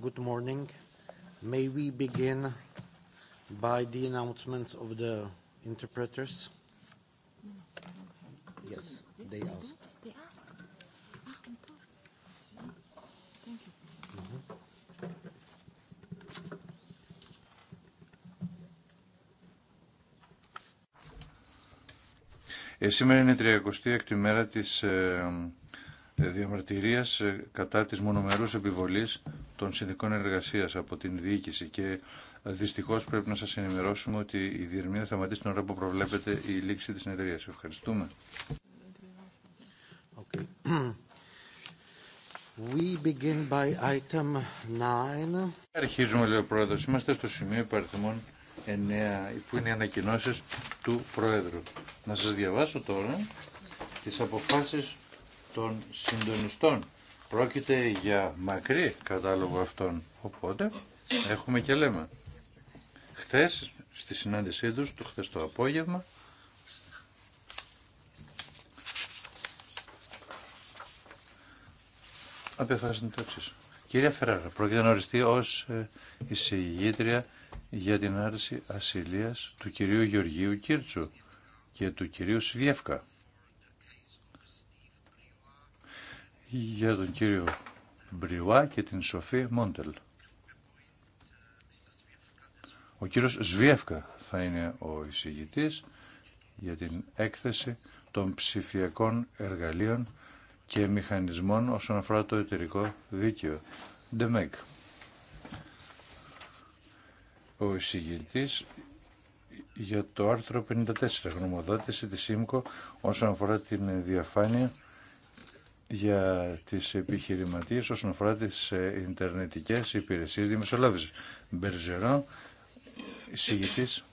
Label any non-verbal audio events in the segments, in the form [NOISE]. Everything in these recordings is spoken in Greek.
Good morning. May we begin by the announcement of the interpreters? Yes, they asked. Σήμερα είναι η 36η μέρα της διαμαρτυρίας ε, κατά της μονομερούς επιβολής των συνδικών εργασία από την διοίκηση και ε, δυστυχώ πρέπει να σας ενημερώσουμε ότι η διερμή θα σταματήσει την ώρα που προβλέπεται η λήξη της συνεδρίας. Ευχαριστούμε. Okay. [CLEARS THROAT] We begin by item 9. Αρχίζουμε, λέει ο πρόεδρο. Είμαστε στο σημείο υπαριθμών 9, που είναι οι ανακοινώσει του Πρόεδρου. Να σας διαβάσω τώρα τις αποφάσεις των συντονιστών. Πρόκειται για μακρύ κατάλογο αυτών. Οπότε έχουμε και λέμε. Χθες στη συνάντησή τους, το χθες το απόγευμα, απεφάσισαν το εξής. Κυρία Φεράρα, πρόκειται να οριστεί ως ε, εισηγήτρια για την άρση ασυλίας του κυρίου Γεωργίου Κίρτσου και του κυρίου Σιβιεύκα. για τον κύριο Μπριουά και την Σοφή Μόντελ. Ο κύριος Σβιεύκα θα είναι ο εισηγητής για την έκθεση των ψηφιακών εργαλείων και μηχανισμών όσον αφορά το εταιρικό δίκαιο. ΔΕΜΕΚ. Ο εισηγητής για το άρθρο 54 γνωμοδότηση της ΣΥΜΚΟ όσον αφορά την διαφάνεια για τις επιχειρηματίες όσον αφορά τις ε, Ιντερνετικές υπηρεσίες δημοσιολάβησης. Μπερζερό, συγητής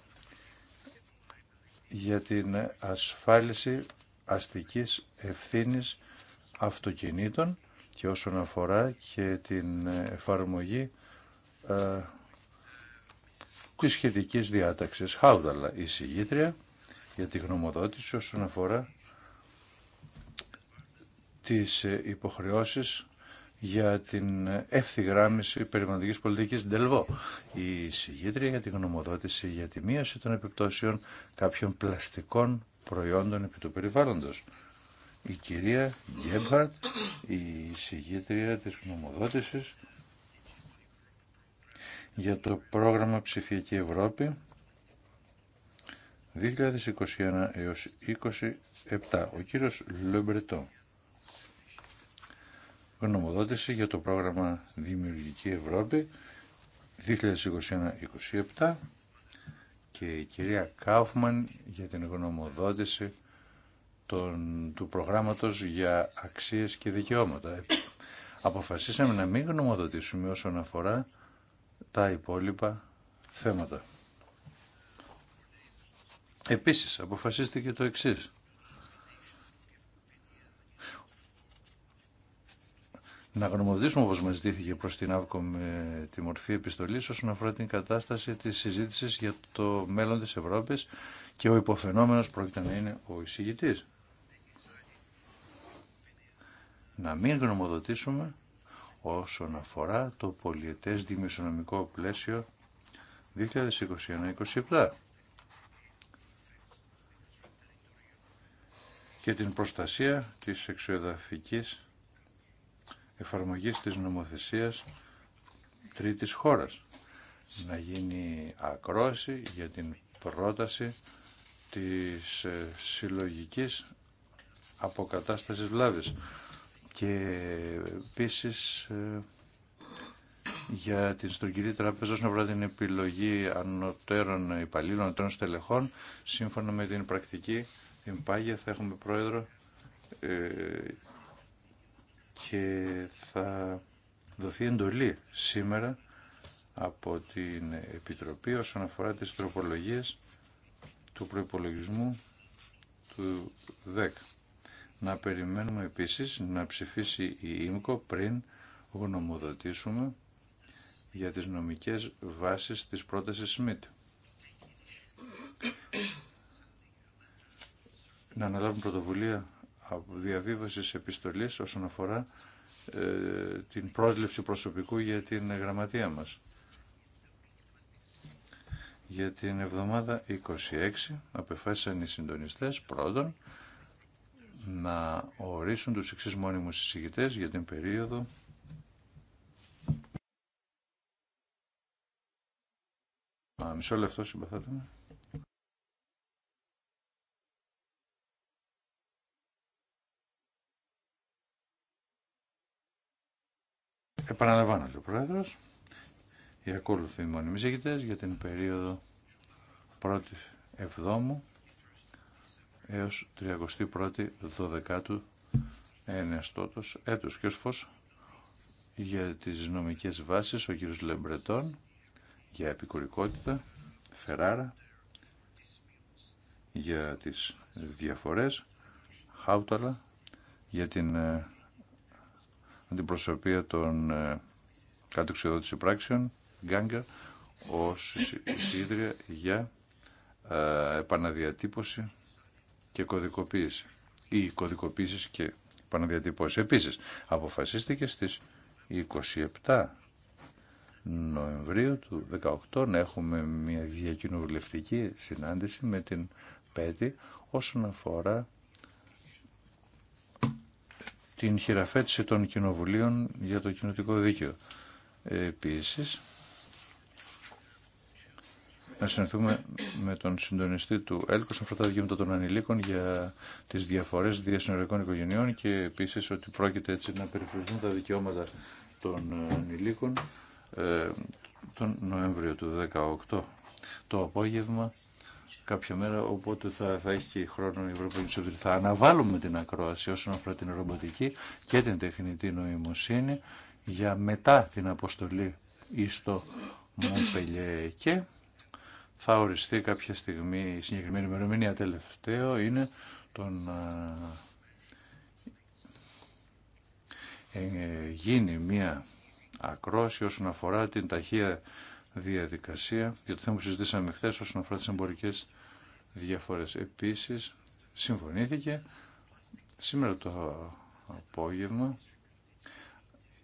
για την ασφάλιση αστικής ευθύνης αυτοκινήτων και όσον αφορά και την εφαρμογή ε, της σχετικής διάταξης. Χάουδαλα η για τη γνωμοδότηση όσον αφορά τις ε, υποχρεώσεις για την ευθυγράμμιση περιβαλλοντικής πολιτικής Ντελβό. Η συγγήτρια για την γνωμοδότηση για τη μείωση των επιπτώσεων κάποιων πλαστικών προϊόντων επί του περιβάλλοντος. Η κυρία Γκέμπαρτ, η συγγήτρια της γνωμοδότησης για το πρόγραμμα Ψηφιακή Ευρώπη 2021 έως 2027. Ο κύριος Λεμπρετό γνωμοδότηση για το πρόγραμμα Δημιουργική Ευρώπη 2021-2027 και η κυρία Κάουφμαν για την γνωμοδότηση του προγράμματος για αξίες και δικαιώματα. Αποφασίσαμε να μην γνωμοδοτήσουμε όσον αφορά τα υπόλοιπα θέματα. Επίσης αποφασίστηκε το εξής. να γνωμοδοτήσουμε όπως μας ζητήθηκε προς την ΑΒΚΟ με τη μορφή επιστολής όσον αφορά την κατάσταση της συζήτησης για το μέλλον της Ευρώπης και ο υποφαινόμενος πρόκειται να είναι ο εισηγητής. Να μην γνωμοδοτήσουμε όσον αφορά το πολιετές δημοσιονομικό πλαίσιο 2021-2027 και την προστασία της εξοδαφικής εφαρμογής της νομοθεσίας τρίτης χώρας. Να γίνει ακρόση για την πρόταση της ε, συλλογικής αποκατάστασης βλάβης και επίση ε, για την στρογγυλή τραπέζα όσον αφορά την επιλογή ανωτέρων υπαλλήλων, ανωτέρων στελεχών, σύμφωνα με την πρακτική, την πάγια θα έχουμε πρόεδρο ε, και θα δοθεί εντολή σήμερα από την Επιτροπή όσον αφορά τις τροπολογίες του προϋπολογισμού του 10. Να περιμένουμε επίσης να ψηφίσει η ΙΜΚΟ πριν γνωμοδοτήσουμε για τις νομικές βάσεις της πρότασης ΣΜΙΤ. Να αναλάβουν πρωτοβουλία διαβίβασης επιστολής όσον αφορά ε, την πρόσληψη προσωπικού για την γραμματεία μας. Για την εβδομάδα 26 απεφάσισαν οι συντονιστές πρώτον να ορίσουν τους εξής μόνιμους συζητητές για την περίοδο μισό λεπτό συμπαθάτε με. Επαναλαμβάνω, ο Πρόεδρος. Οι ακόλουθοι μόνιμοι ζήτητες για την περίοδο 1η Εβδόμου έως 31η Δωδεκάτου ου έτος και ως για τις νομικές βάσεις ο κύριος Λεμπρετών για επικουρικότητα Φεράρα για τις διαφορές Χάουταλα για την ε, προσωπία των ε, πράξεων, Γκάγκα, ως εισήδρια για ε, επαναδιατύπωση και κωδικοποίηση ή κωδικοποίηση και επαναδιατύπωση. Επίσης, αποφασίστηκε στις 27 Νοεμβρίου του 2018 να έχουμε μια διακοινοβουλευτική συνάντηση με την ΠΕΤΗ όσον αφορά την χειραφέτηση των κοινοβουλίων για το κοινωτικό δίκαιο. Επίσης, να συνεχθούμε με τον συντονιστή του ΕΛΚΟ να αυτά τα δικαιώματα των ανηλίκων για τις διαφορές διασυνοριακών οικογενειών και επίσης ότι πρόκειται έτσι να περιφερθούν τα δικαιώματα των ανηλίκων ε, τον Νοέμβριο του 2018 το απόγευμα κάποια μέρα, οπότε θα, θα έχει χρόνο η Ευρωπαϊκή Επιτροπή. Θα αναβάλουμε την ακρόαση όσον αφορά την ρομποτική και την τεχνητή νοημοσύνη για μετά την αποστολή ή στο Μομπελιέ και θα οριστεί κάποια στιγμή η συγκεκριμένη ημερομηνία. Τελευταίο είναι το να ε, γίνει μία ακρόαση όσον αφορά την ταχεία διαδικασία για το θέμα που συζητήσαμε χθε όσον αφορά τι εμπορικέ διαφορέ. Επίση, συμφωνήθηκε σήμερα το απόγευμα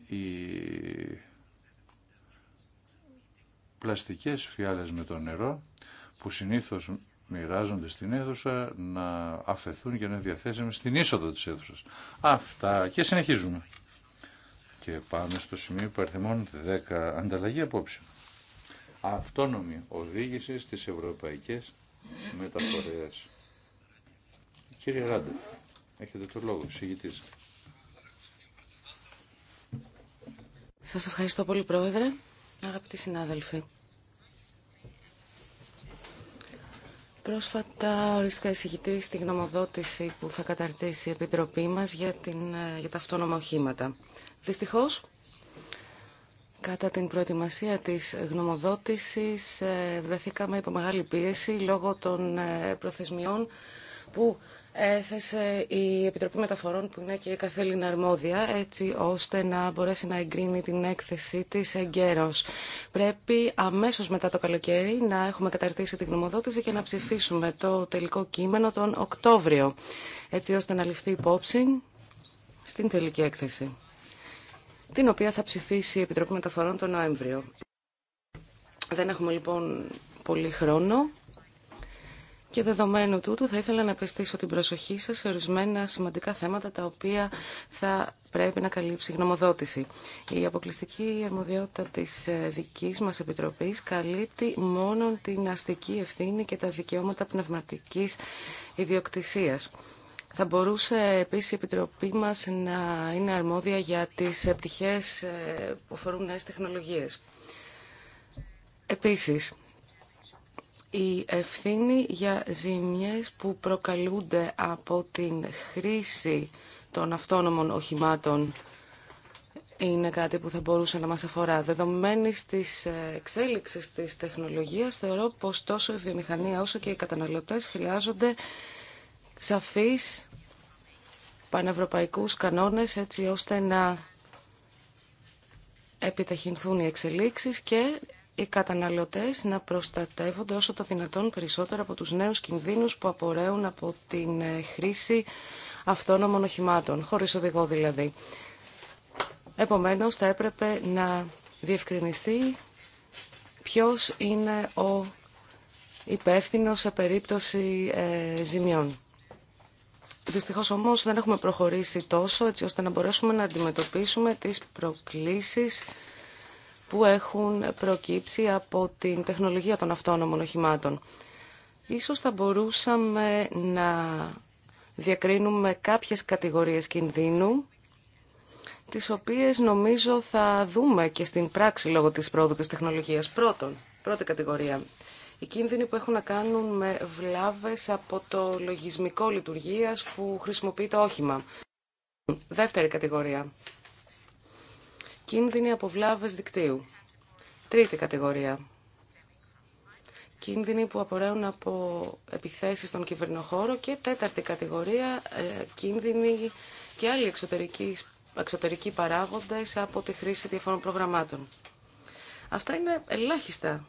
οι πλαστικές φιάλες με το νερό που συνήθως μοιράζονται στην αίθουσα να αφαιθούν και να διαθέσουμε στην είσοδο της αίθουσας. Αυτά και συνεχίζουμε. Και πάμε στο σημείο παρθεμών 10 ανταλλαγή απόψε αυτόνομη οδήγηση στις ευρωπαϊκές μεταφορές. Κύριε έχετε το λόγο, συγητής. Σας ευχαριστώ πολύ, Πρόεδρε, αγαπητοί συνάδελφοι. Πρόσφατα ορίστηκα εισηγητή στη γνωμοδότηση που θα καταρτήσει η Επιτροπή μας για, την, ε, για τα αυτόνομα οχήματα. Δυστυχώς, Κατά την προετοιμασία της γνωμοδότησης ε, βρεθήκαμε υπό μεγάλη πίεση λόγω των ε, προθεσμιών που έθεσε η Επιτροπή Μεταφορών που είναι και η καθέληνα αρμόδια έτσι ώστε να μπορέσει να εγκρίνει την έκθεσή της εγκαίρως. Πρέπει αμέσως μετά το καλοκαίρι να έχουμε καταρτήσει την γνωμοδότηση και να ψηφίσουμε το τελικό κείμενο τον Οκτώβριο έτσι ώστε να ληφθεί υπόψη στην τελική έκθεση την οποία θα ψηφίσει η Επιτροπή Μεταφορών τον Νοέμβριο. Δεν έχουμε λοιπόν πολύ χρόνο και δεδομένου τούτου θα ήθελα να επιστήσω την προσοχή σας σε ορισμένα σημαντικά θέματα τα οποία θα πρέπει να καλύψει η γνωμοδότηση. Η αποκλειστική αρμοδιότητα της ε, δικής μας Επιτροπής καλύπτει μόνο την αστική ευθύνη και τα δικαιώματα πνευματικής ιδιοκτησίας. Θα μπορούσε επίση η Επιτροπή μας να είναι αρμόδια για τις πτυχέ ε, που αφορούν νέε τεχνολογίες. Επίσης, η ευθύνη για ζημιές που προκαλούνται από την χρήση των αυτόνομων οχημάτων είναι κάτι που θα μπορούσε να μας αφορά. Δεδομένης της ε, εξέλιξης της τεχνολογίας, θεωρώ πως τόσο η βιομηχανία όσο και οι καταναλωτές χρειάζονται σαφείς πανευρωπαϊκούς κανόνες έτσι ώστε να επιταχυνθούν οι εξελίξεις και οι καταναλωτές να προστατεύονται όσο το δυνατόν περισσότερο από τους νέους κινδύνους που απορρέουν από την ε, χρήση αυτόνομων οχημάτων, χωρίς οδηγό δηλαδή. Επομένως θα έπρεπε να διευκρινιστεί ποιος είναι ο υπεύθυνος σε περίπτωση ε, ζημιών. Δυστυχώ, όμω δεν έχουμε προχωρήσει τόσο έτσι ώστε να μπορέσουμε να αντιμετωπίσουμε τι προκλήσεις που έχουν προκύψει από την τεχνολογία των αυτόνομων οχημάτων. Ίσως θα μπορούσαμε να διακρίνουμε κάποιες κατηγορίες κινδύνου, τις οποίες νομίζω θα δούμε και στην πράξη λόγω της πρόοδου της τεχνολογίας. Πρώτον, πρώτη κατηγορία, οι κίνδυνοι που έχουν να κάνουν με βλάβες από το λογισμικό λειτουργίας που χρησιμοποιεί το όχημα. Δεύτερη κατηγορία. Κίνδυνοι από βλάβες δικτύου. Τρίτη κατηγορία. Κίνδυνοι που απορρέουν από επιθέσεις στον κυβερνοχώρο. Και τέταρτη κατηγορία. Ε, κίνδυνοι και άλλοι εξωτερικοί, εξωτερικοί παράγοντες από τη χρήση διαφόρων προγραμμάτων. Αυτά είναι ελάχιστα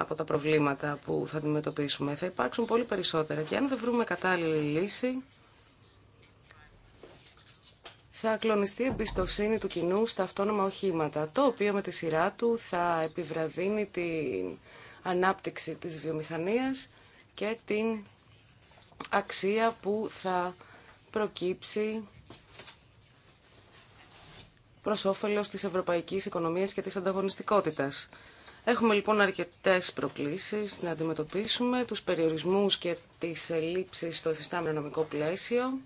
από τα προβλήματα που θα αντιμετωπίσουμε. Θα υπάρξουν πολύ περισσότερα και αν δεν βρούμε κατάλληλη λύση θα κλονιστεί η εμπιστοσύνη του κοινού στα αυτόνομα οχήματα, το οποίο με τη σειρά του θα επιβραδύνει την ανάπτυξη της βιομηχανίας και την αξία που θα προκύψει προς όφελος της ευρωπαϊκής οικονομίας και της ανταγωνιστικότητας. Έχουμε λοιπόν αρκετές προκλήσεις να αντιμετωπίσουμε, τους περιορισμούς και τις ελλείψεις στο εφιστάμενο νομικό πλαίσιο,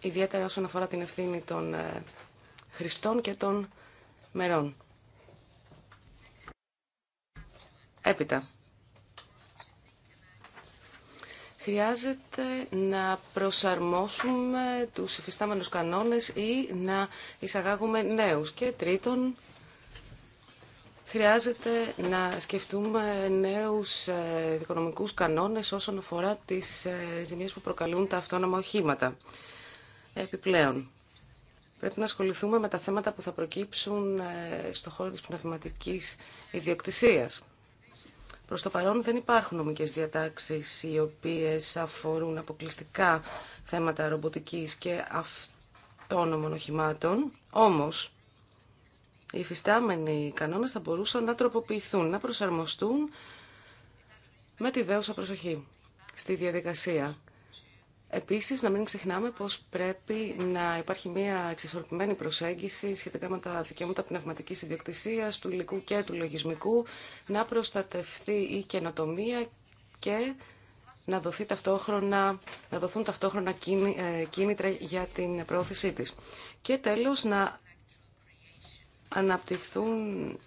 ιδιαίτερα όσον αφορά την ευθύνη των ε, χρηστών και των μερών. Έπειτα. Χρειάζεται να προσαρμόσουμε τους υφιστάμενους κανόνες ή να εισαγάγουμε νέους. Και τρίτον, χρειάζεται να σκεφτούμε νέους ε, δικονομικούς κανόνες όσον αφορά τις ε, ζημίες που προκαλούν τα αυτόνομα οχήματα. Επιπλέον, πρέπει να ασχοληθούμε με τα θέματα που θα προκύψουν ε, στον χώρο της πνευματικής ιδιοκτησίας. Προς το παρόν δεν υπάρχουν νομικές διατάξεις οι οποίες αφορούν αποκλειστικά θέματα ρομποτικής και αυτόνομων οχημάτων, όμως οι υφιστάμενοι κανόνες θα μπορούσαν να τροποποιηθούν, να προσαρμοστούν με τη δέουσα προσοχή στη διαδικασία. Επίσης, να μην ξεχνάμε πως πρέπει να υπάρχει μια εξισορροπημένη προσέγγιση σχετικά με τα δικαιώματα πνευματικής ιδιοκτησίας, του υλικού και του λογισμικού, να προστατευτεί η καινοτομία και να, δοθεί ταυτόχρονα, να δοθούν ταυτόχρονα ε, κίνητρα για την προώθησή της. Και τέλος, να αναπτυχθούν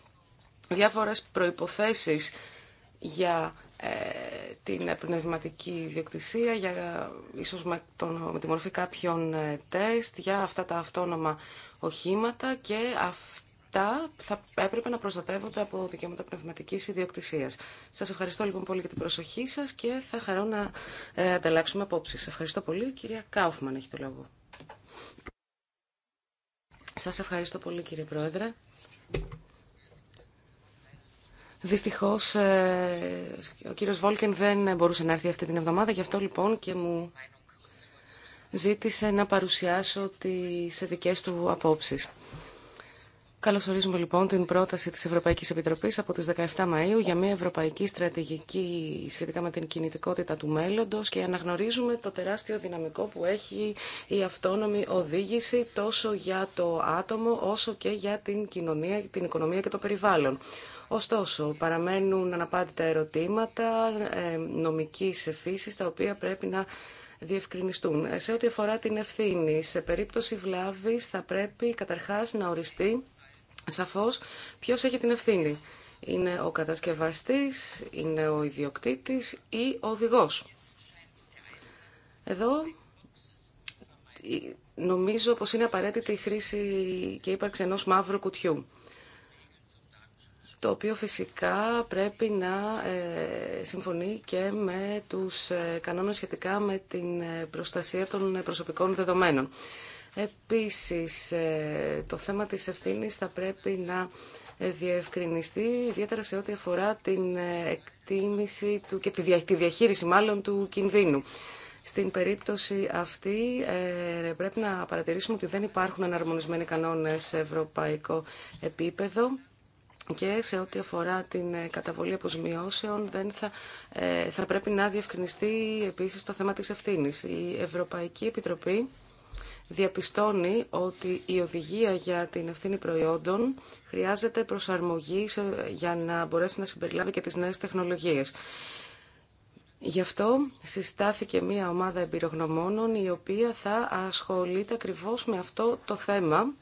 διάφορες προϋποθέσεις για ε, την πνευματική ιδιοκτησία, για, ίσως με, τον, με τη μορφή κάποιων ε, τεστ, για αυτά τα αυτόνομα οχήματα και αυτά θα έπρεπε να προστατεύονται από δικαιώματα πνευματικής ιδιοκτησίας. Σας ευχαριστώ λοιπόν πολύ για την προσοχή σας και θα χαρώ να ε, ανταλλάξουμε απόψεις. ευχαριστώ πολύ. Κυρία Κάουφμαν έχει το λόγο. Σας ευχαριστώ πολύ κύριε Πρόεδρε. Δυστυχώς ε, ο κύριος Βόλκεν δεν μπορούσε να έρθει αυτή την εβδομάδα, γι' αυτό λοιπόν και μου ζήτησε να παρουσιάσω τις δικές του απόψεις. Καλωσορίζουμε λοιπόν την πρόταση της Ευρωπαϊκής Επιτροπής από τις 17 Μαΐου για μια ευρωπαϊκή στρατηγική σχετικά με την κινητικότητα του μέλλοντος και αναγνωρίζουμε το τεράστιο δυναμικό που έχει η αυτόνομη οδήγηση τόσο για το άτομο όσο και για την κοινωνία, την οικονομία και το περιβάλλον. Ωστόσο, παραμένουν αναπάντητα ερωτήματα ε, νομικής φύσης τα οποία πρέπει να διευκρινιστούν. Ε, σε ό,τι αφορά την ευθύνη, σε περίπτωση βλάβης θα πρέπει καταρχάς να οριστεί σαφώς ποιος έχει την ευθύνη. Είναι ο κατασκευαστής, είναι ο ιδιοκτήτης ή ο οδηγός. Εδώ νομίζω πως είναι απαραίτητη η χρήση και ύπαρξη ενός μαύρου κουτιού το οποίο φυσικά πρέπει να ε, συμφωνεί και με τους ε, κανόνες σχετικά με την ε, προστασία των προσωπικών δεδομένων. Επίσης, ε, το θέμα της ευθύνης θα πρέπει να ε, διευκρινιστεί, ιδιαίτερα σε ό,τι αφορά την ε, εκτίμηση του, και τη διαχείριση μάλλον του κινδύνου. Στην περίπτωση αυτή πρέπει να παρατηρήσουμε ότι δεν υπάρχουν εναρμονισμένοι κανόνες σε ευρωπαϊκό επίπεδο και σε ό,τι αφορά την καταβολή αποζημιώσεων δεν θα, θα πρέπει να διευκρινιστεί επίσης το θέμα της ευθύνης. Η Ευρωπαϊκή Επιτροπή διαπιστώνει ότι η οδηγία για την ευθύνη προϊόντων χρειάζεται προσαρμογή για να μπορέσει να συμπεριλάβει και τις νέες τεχνολογίες. Γι' αυτό συστάθηκε μία ομάδα εμπειρογνωμόνων η οποία θα ασχολείται ακριβώς με αυτό το θέμα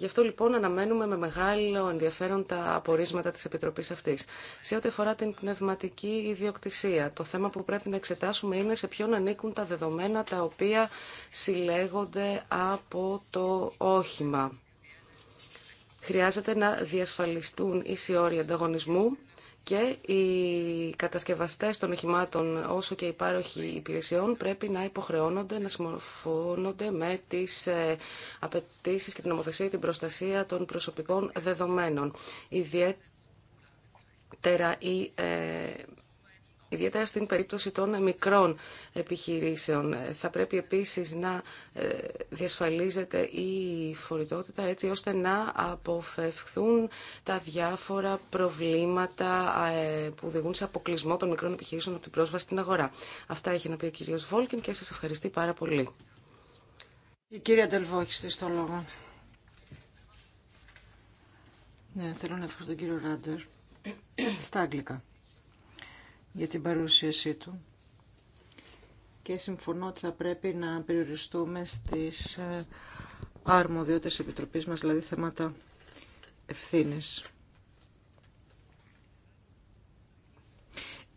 Γι' αυτό λοιπόν αναμένουμε με μεγάλο ενδιαφέρον τα απορίσματα της Επιτροπής αυτής. Σε ό,τι αφορά την πνευματική ιδιοκτησία, το θέμα που πρέπει να εξετάσουμε είναι σε ποιον ανήκουν τα δεδομένα τα οποία συλλέγονται από το όχημα. Χρειάζεται να διασφαλιστούν ίσοι όροι ανταγωνισμού και οι κατασκευαστές των οχημάτων όσο και οι πάροχοι υπηρεσιών πρέπει να υποχρεώνονται να συμμορφώνονται με τις ε, απαιτήσεις και την νομοθεσία και την προστασία των προσωπικών δεδομένων. Ιδιαίτερα οι ε, ιδιαίτερα στην περίπτωση των μικρών επιχειρήσεων. Θα πρέπει επίσης να ε, διασφαλίζεται η φορητότητα έτσι ώστε να αποφευχθούν τα διάφορα προβλήματα ε, που οδηγούν σε αποκλεισμό των μικρών επιχειρήσεων από την πρόσβαση στην αγορά. Αυτά έχει να πει ο κύριος Βόλκιν και σας ευχαριστεί πάρα πολύ. Η κυρία Ντελβό έχει στο λόγο. Ναι, θέλω να ευχαριστώ τον κύριο Ράντερ στα αγγλικά για την παρουσίασή του και συμφωνώ ότι θα πρέπει να περιοριστούμε στις ε, αρμοδιότητες επιτροπής μας, δηλαδή θέματα ευθύνης.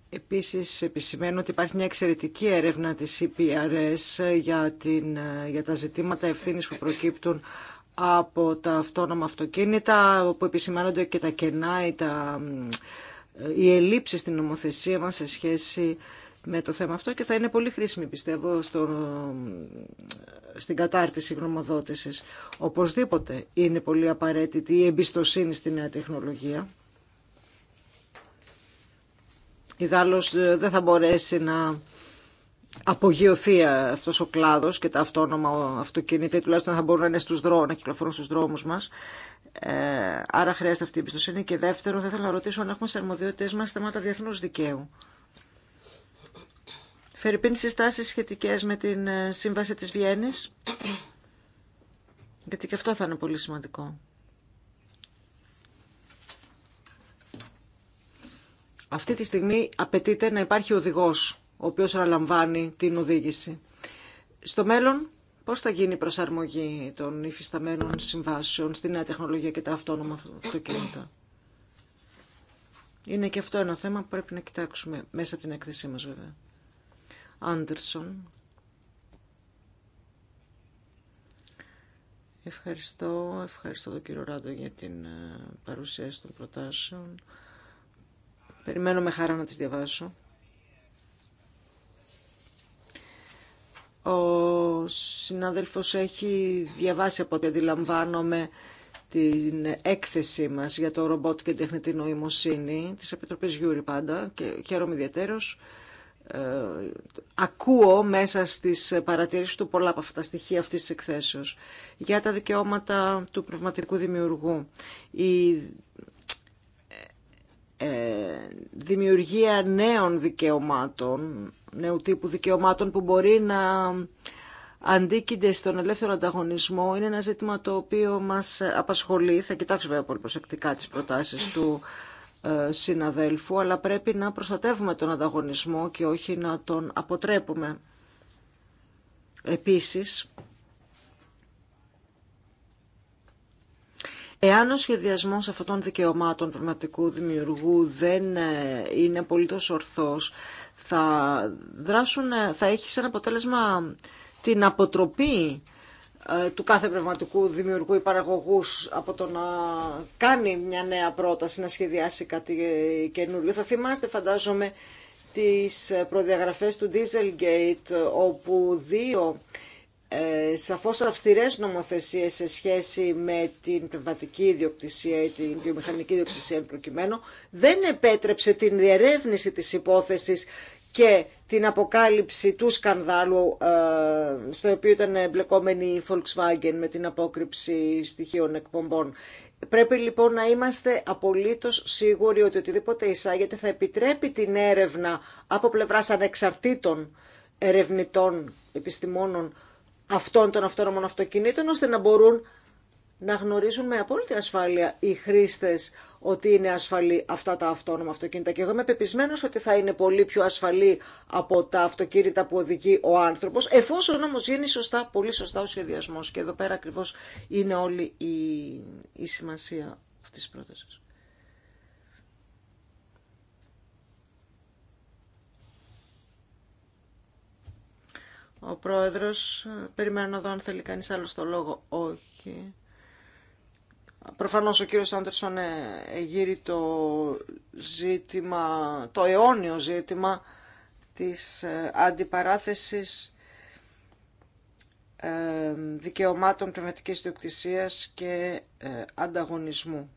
Επίσης επισημαίνω ότι υπάρχει μια εξαιρετική έρευνα της EPRS ε, για, την, ε, για τα ζητήματα ευθύνης που προκύπτουν από τα αυτόνομα αυτοκίνητα, όπου επισημάνονται και τα κενά ή τα η ελλείψεις στην νομοθεσία μας σε σχέση με το θέμα αυτό και θα είναι πολύ χρήσιμη πιστεύω στο, στην κατάρτιση γνωμοδότησης. Οπωσδήποτε είναι πολύ απαραίτητη η εμπιστοσύνη στη νέα τεχνολογία. Ιδάλλως ε, δεν θα μπορέσει να απογειωθεί ε, αυτός ο κλάδος και τα αυτόνομα αυτοκίνητα τουλάχιστον θα μπορούν να είναι στους δρόμους, να κυκλοφορούν στους δρόμους μας. Ε, άρα χρειάζεται αυτή η εμπιστοσύνη. Και δεύτερο, θα ήθελα να ρωτήσω αν έχουμε σε αρμοδιότητες μας θέματα διεθνούς δικαίου. Φερρυπίνη συστάσεις σχετικές με την ε, σύμβαση της Βιέννης. Γιατί και αυτό θα είναι πολύ σημαντικό. Αυτή τη στιγμή απαιτείται να υπάρχει οδηγός ο οποίος αναλαμβάνει την οδήγηση. Στο μέλλον, πώς θα γίνει η προσαρμογή των υφισταμένων συμβάσεων στη νέα τεχνολογία και τα αυτόνομα αυτοκίνητα. Είναι και αυτό ένα θέμα που πρέπει να κοιτάξουμε μέσα από την έκθεσή μας βέβαια. Άντερσον. Ευχαριστώ, ευχαριστώ τον κύριο Ράντο για την ε, παρουσίαση των προτάσεων. Περιμένω με χαρά να τις διαβάσω. Ο συνάδελφος έχει διαβάσει από ό,τι αντιλαμβάνομαι την έκθεσή μας για το ρομπότ και τεχνητή νοημοσύνη της Επιτροπής Γιούρι πάντα και χαίρομαι ιδιαίτερος. Ε, ακούω μέσα στις παρατηρήσεις του πολλά από αυτά τα στοιχεία αυτής της εκθέσεως για τα δικαιώματα του πνευματικού δημιουργού. Ε, δημιουργία νέων δικαιωμάτων, νέου τύπου δικαιωμάτων που μπορεί να αντίκεινται στον ελεύθερο ανταγωνισμό είναι ένα ζήτημα το οποίο μας απασχολεί. Θα κοιτάξω βέβαια πολύ προσεκτικά τις προτάσεις του ε, συναδέλφου, αλλά πρέπει να προστατεύουμε τον ανταγωνισμό και όχι να τον αποτρέπουμε. Επίσης, Εάν ο σχεδιασμός αυτών των δικαιωμάτων πραγματικού δημιουργού δεν ε, είναι πολιτός ορθός, θα, δράσουν, ε, θα έχει σαν αποτέλεσμα την αποτροπή ε, του κάθε πνευματικού δημιουργού ή παραγωγού από το να κάνει μια νέα πρόταση, να σχεδιάσει κάτι καινούριο. Θα θυμάστε φαντάζομαι τις προδιαγραφές του Dieselgate όπου δύο ε, σαφώς αυστηρές νομοθεσίες σε σχέση με την πνευματική ιδιοκτησία ή την βιομηχανική ιδιοκτησία προκειμένου, δεν επέτρεψε την διερεύνηση της υπόθεσης και την αποκάλυψη του σκανδάλου ε, στο οποίο ήταν εμπλεκόμενη η Volkswagen με την απόκρυψη στοιχείων εκπομπών. Πρέπει λοιπόν να είμαστε απολύτως σίγουροι ότι οτιδήποτε εισάγεται θα επιτρέπει την έρευνα από πλευράς ανεξαρτήτων ερευνητών, επιστημόνων, αυτών των αυτόνομων αυτοκινήτων, ώστε να μπορούν να γνωρίζουν με απόλυτη ασφάλεια οι χρήστε ότι είναι ασφαλή αυτά τα αυτόνομα αυτοκίνητα. Και εγώ είμαι πεπισμένο ότι θα είναι πολύ πιο ασφαλή από τα αυτοκίνητα που οδηγεί ο άνθρωπο, εφόσον όμω γίνει σωστά, πολύ σωστά ο σχεδιασμό. Και εδώ πέρα ακριβώ είναι όλη η, η σημασία αυτή τη πρόταση. Ο πρόεδρος, περιμένω να αν θέλει κανείς άλλο το λόγο. Όχι. Προφανώς ο κύριος Άντερσον εγείρει το ζήτημα, το αιώνιο ζήτημα της ε, αντιπαράθεσης ε, δικαιωμάτων πνευματικής διοκτησίας και ε, ανταγωνισμού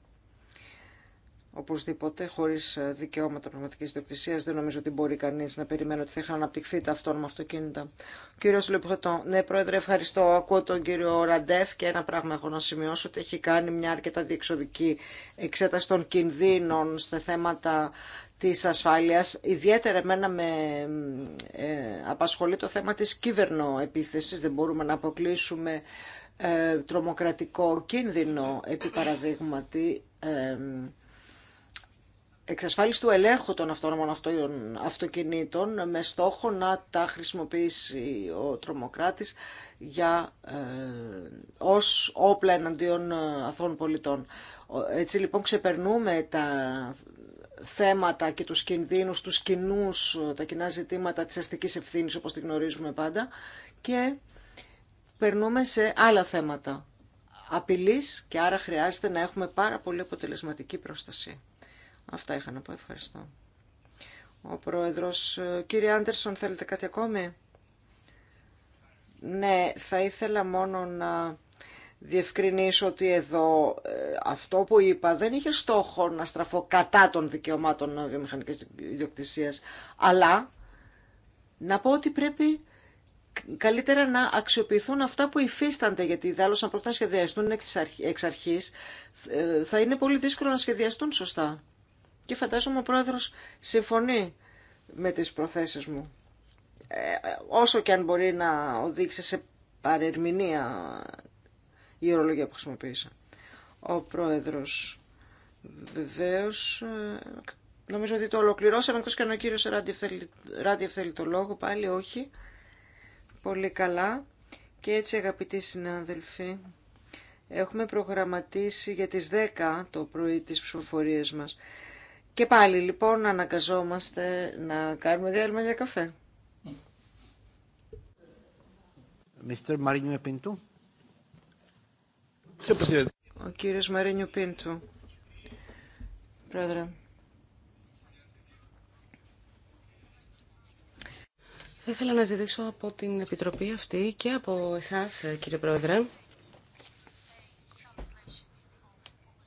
οπωσδήποτε, χωρί ε, δικαιώματα πραγματική ιδιοκτησία. Δεν νομίζω ότι μπορεί κανεί να περιμένει ότι θα είχαν αναπτυχθεί τα αυτόνομα αυτοκίνητα. Κύριο Λεπρετό, ναι, Πρόεδρε, ευχαριστώ. Ακούω τον κύριο Ραντεφ και ένα πράγμα έχω να σημειώσω ότι έχει κάνει μια αρκετά διεξοδική εξέταση των κινδύνων σε θέματα τη ασφάλεια. Ιδιαίτερα εμένα με ε, απασχολεί το θέμα της κυβερνοεπίθεσης. Δεν μπορούμε να αποκλείσουμε ε, τρομοκρατικό κίνδυνο επί παραδείγματι εξασφάλιση του ελέγχου των αυτόνομων αυτοκινήτων με στόχο να τα χρησιμοποιήσει ο τρομοκράτης για, ε, ως όπλα εναντίον ε, αθών πολιτών. Έτσι λοιπόν ξεπερνούμε τα θέματα και τους κινδύνους, τους κοινού, τα κοινά ζητήματα της αστικής ευθύνης όπως τη γνωρίζουμε πάντα και περνούμε σε άλλα θέματα απειλής και άρα χρειάζεται να έχουμε πάρα πολύ αποτελεσματική προστασία. Αυτά είχα να πω. Ευχαριστώ. Ο πρόεδρος, ε, κύριε Άντερσον, θέλετε κάτι ακόμη? Ναι, θα ήθελα μόνο να διευκρινίσω ότι εδώ ε, αυτό που είπα δεν είχε στόχο να στραφώ κατά των δικαιωμάτων βιομηχανικής ιδιοκτησίας, αλλά να πω ότι πρέπει καλύτερα να αξιοποιηθούν αυτά που υφίστανται, γιατί δάλλως αν πρόκειται να σχεδιαστούν εξ αρχής, ε, θα είναι πολύ δύσκολο να σχεδιαστούν σωστά. Και φαντάζομαι ο πρόεδρος συμφωνεί με τις προθέσεις μου. Ε, όσο και αν μπορεί να οδείξει σε παρερμηνία η ορολογία που χρησιμοποίησα. Ο πρόεδρος βεβαίως... Ε, νομίζω ότι το ολοκληρώσαμε, εκτός και αν ο κύριος Ράντι θέλει το λόγο, πάλι όχι. Πολύ καλά. Και έτσι αγαπητοί συνάδελφοι, έχουμε προγραμματίσει για τις 10 το πρωί τις ψηφοφορίες μας. Και πάλι λοιπόν ανακαζόμαστε να κάνουμε διάλειμμα για καφέ. Mr. Ο κύριος Μαρίνιου Πίντου. Πρόεδρε. Θα ήθελα να ζητήσω από την Επιτροπή αυτή και από εσάς, κύριε Πρόεδρε,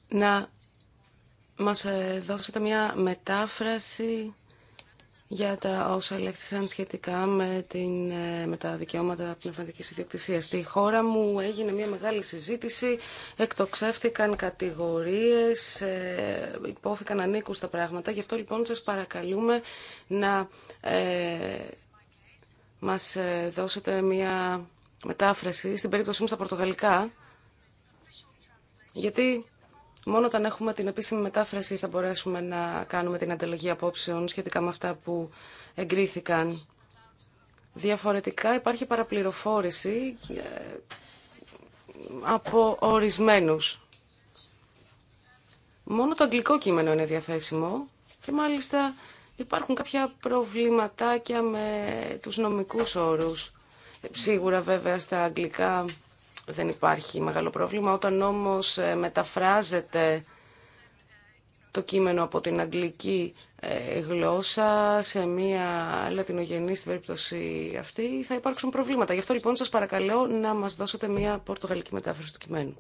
να μας ε, δώσετε μια μετάφραση για τα όσα ελέγχθησαν σχετικά με, την, ε, με τα δικαιώματα πνευματικής ιδιοκτησίας. Στη χώρα μου έγινε μια μεγάλη συζήτηση, εκτοξεύτηκαν κατηγορίες, ε, υπόθηκαν τα πράγματα. Γι' αυτό λοιπόν σας παρακαλούμε να ε, μας δώσετε μια μετάφραση, στην περίπτωσή μου στα πορτογαλικά, γιατί Μόνο όταν έχουμε την επίσημη μετάφραση θα μπορέσουμε να κάνουμε την ανταλλαγή απόψεων σχετικά με αυτά που εγκρίθηκαν. Διαφορετικά υπάρχει παραπληροφόρηση ε, από ορισμένους. Μόνο το αγγλικό κείμενο είναι διαθέσιμο και μάλιστα υπάρχουν κάποια προβληματάκια με τους νομικούς όρους. Ε, σίγουρα βέβαια στα αγγλικά δεν υπάρχει μεγάλο πρόβλημα. Όταν όμως ε, μεταφράζεται το κείμενο από την αγγλική ε, γλώσσα σε μια λατινογενή στην περίπτωση αυτή θα υπάρξουν προβλήματα. Γι' αυτό λοιπόν σας παρακαλώ να μας δώσετε μια πορτογαλική μετάφραση του κειμένου.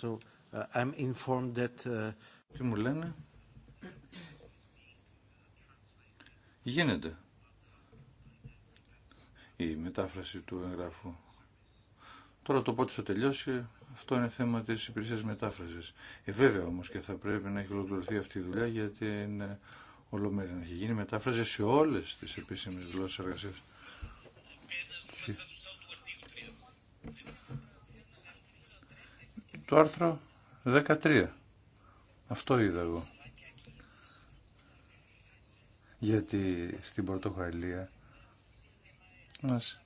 So, uh, I'm informed that... Uh, μου λένε... Γίνεται η μετάφραση του εγγράφου. Τώρα το πότε θα τελειώσει, αυτό είναι θέμα της υπηρεσίας μετάφρασης. Ε, βέβαια όμως και θα πρέπει να έχει ολοκληρωθεί αυτή η δουλειά γιατί είναι ολομέρεια να έχει γίνει μετάφραση σε όλες τις επίσημες γλώσσες εργασίας. το άρθρο 13. Αυτό είδα εγώ. Γιατί στην Πορτογαλία μας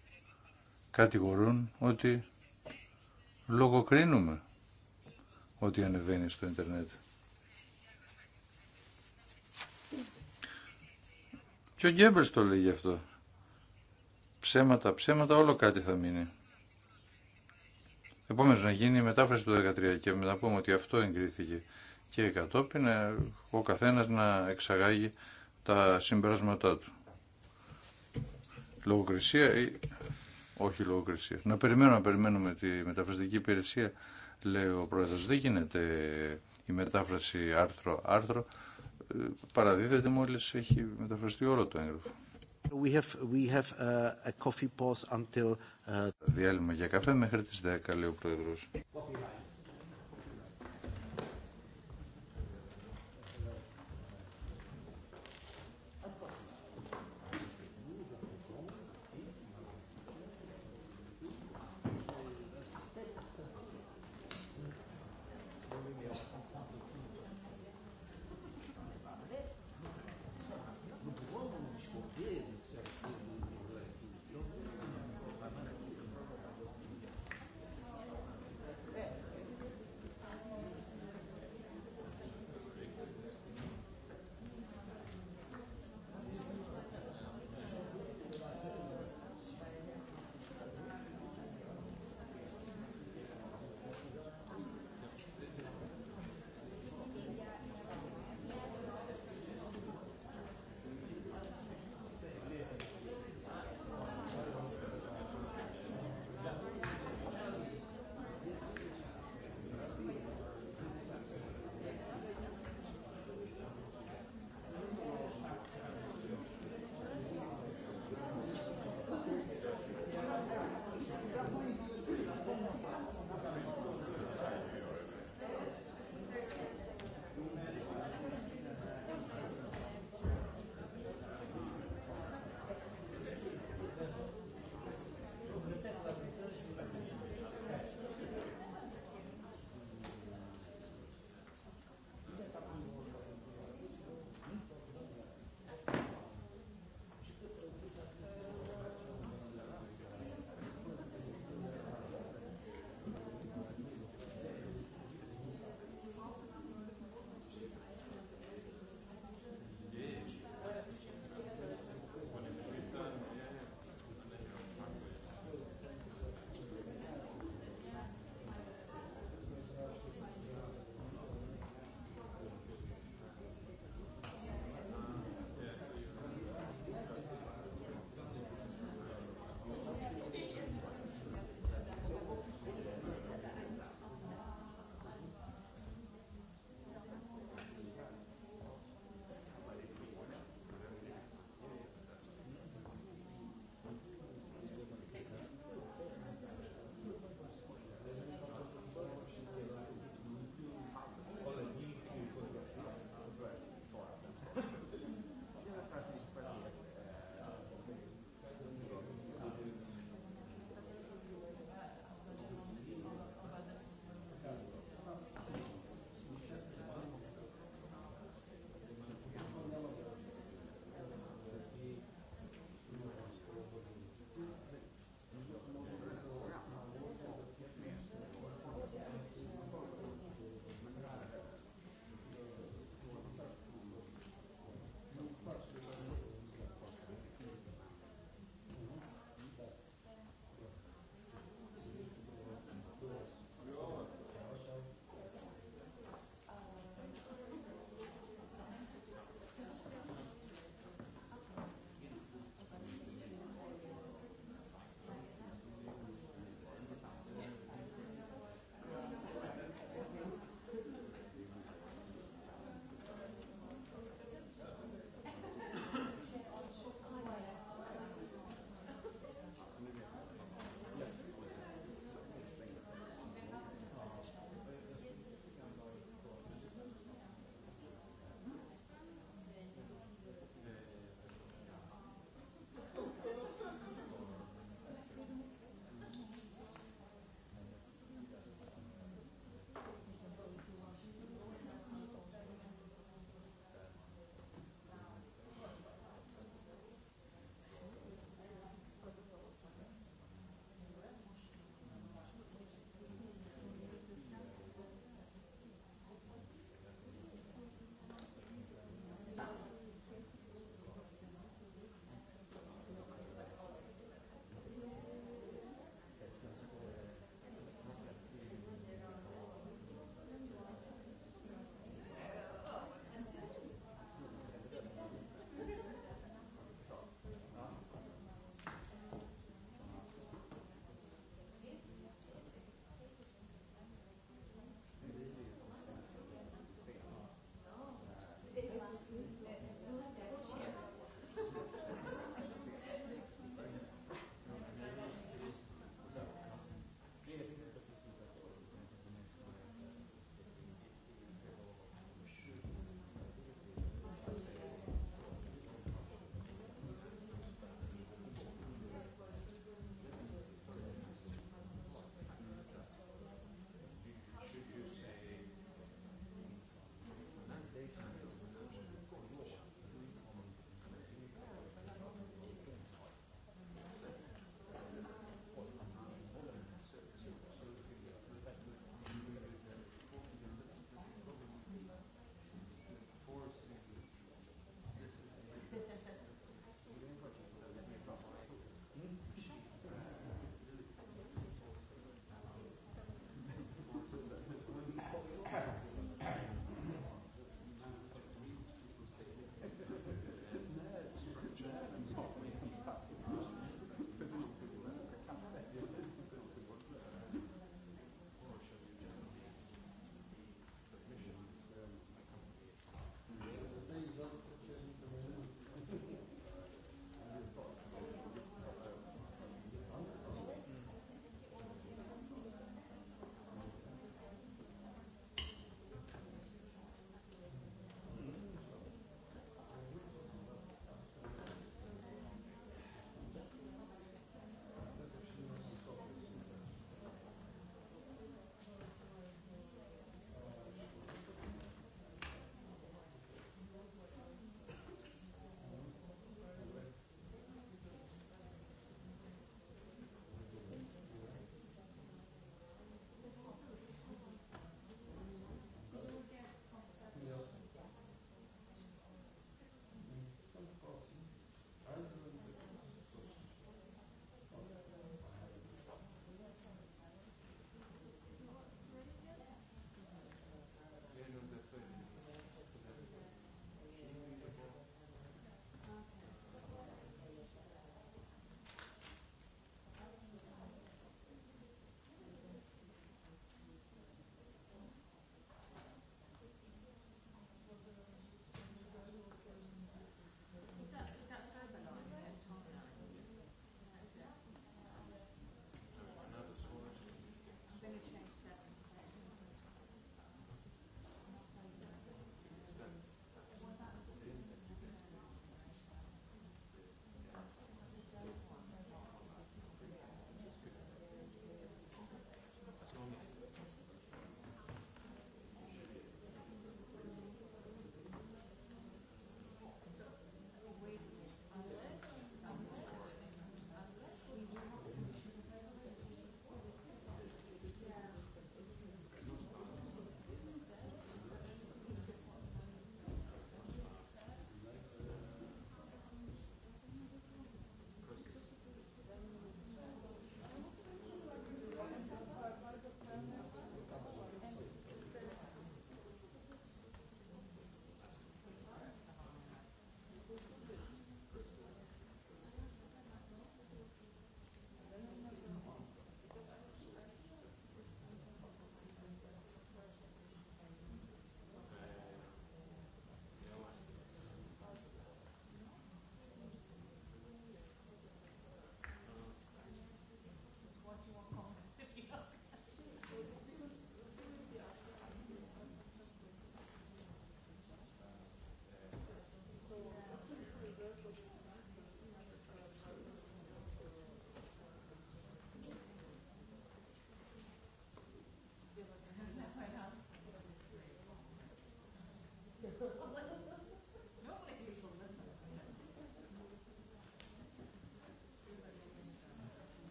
κατηγορούν ότι λογοκρίνουμε ό,τι ανεβαίνει στο ίντερνετ. Και ο Γκέμπελς το λέει γι' αυτό. Ψέματα, ψέματα, όλο κάτι θα μείνει. Επομένω να γίνει η μετάφραση του 2013 και να πούμε ότι αυτό εγκρίθηκε και κατόπιν ε, ο καθένας να εξαγάγει τα συμπεράσματά του. Λογοκρισία ή όχι λογοκρισία. Να περιμένουμε, να περιμένουμε τη μεταφραστική υπηρεσία, λέει ο πρόεδρος. Δεν γίνεται η μετάφραση άρθρο-άρθρο. Ε, παραδίδεται μόλις έχει μεταφραστεί όλο το έγγραφο. Διάλειμμα για καφέ μέχρι τις 10, λέει ο Πρόεδρος.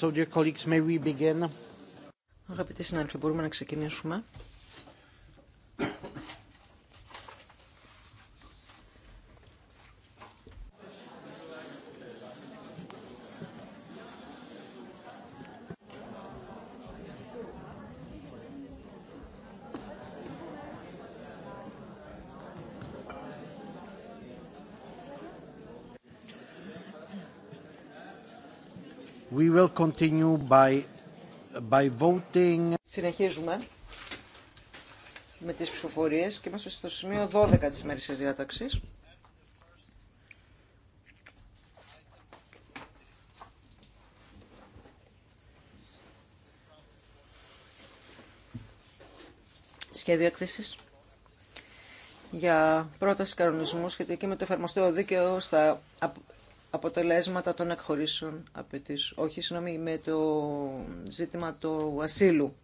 So, colleagues, may we begin? Αγαπητοί συνάδελφοι, μπορούμε να ξεκινήσουμε. Συνεχίζουμε με τις ψηφοφορίες και είμαστε στο σημείο 12 της μέρης της διάταξης. Σχέδιο έκθεσης για πρόταση κανονισμού σχετική με το εφαρμοστέο δίκαιο στα αποτελέσματα των εκχωρήσεων με όχι, συγγνώμη, με το ζήτημα του ασύλου.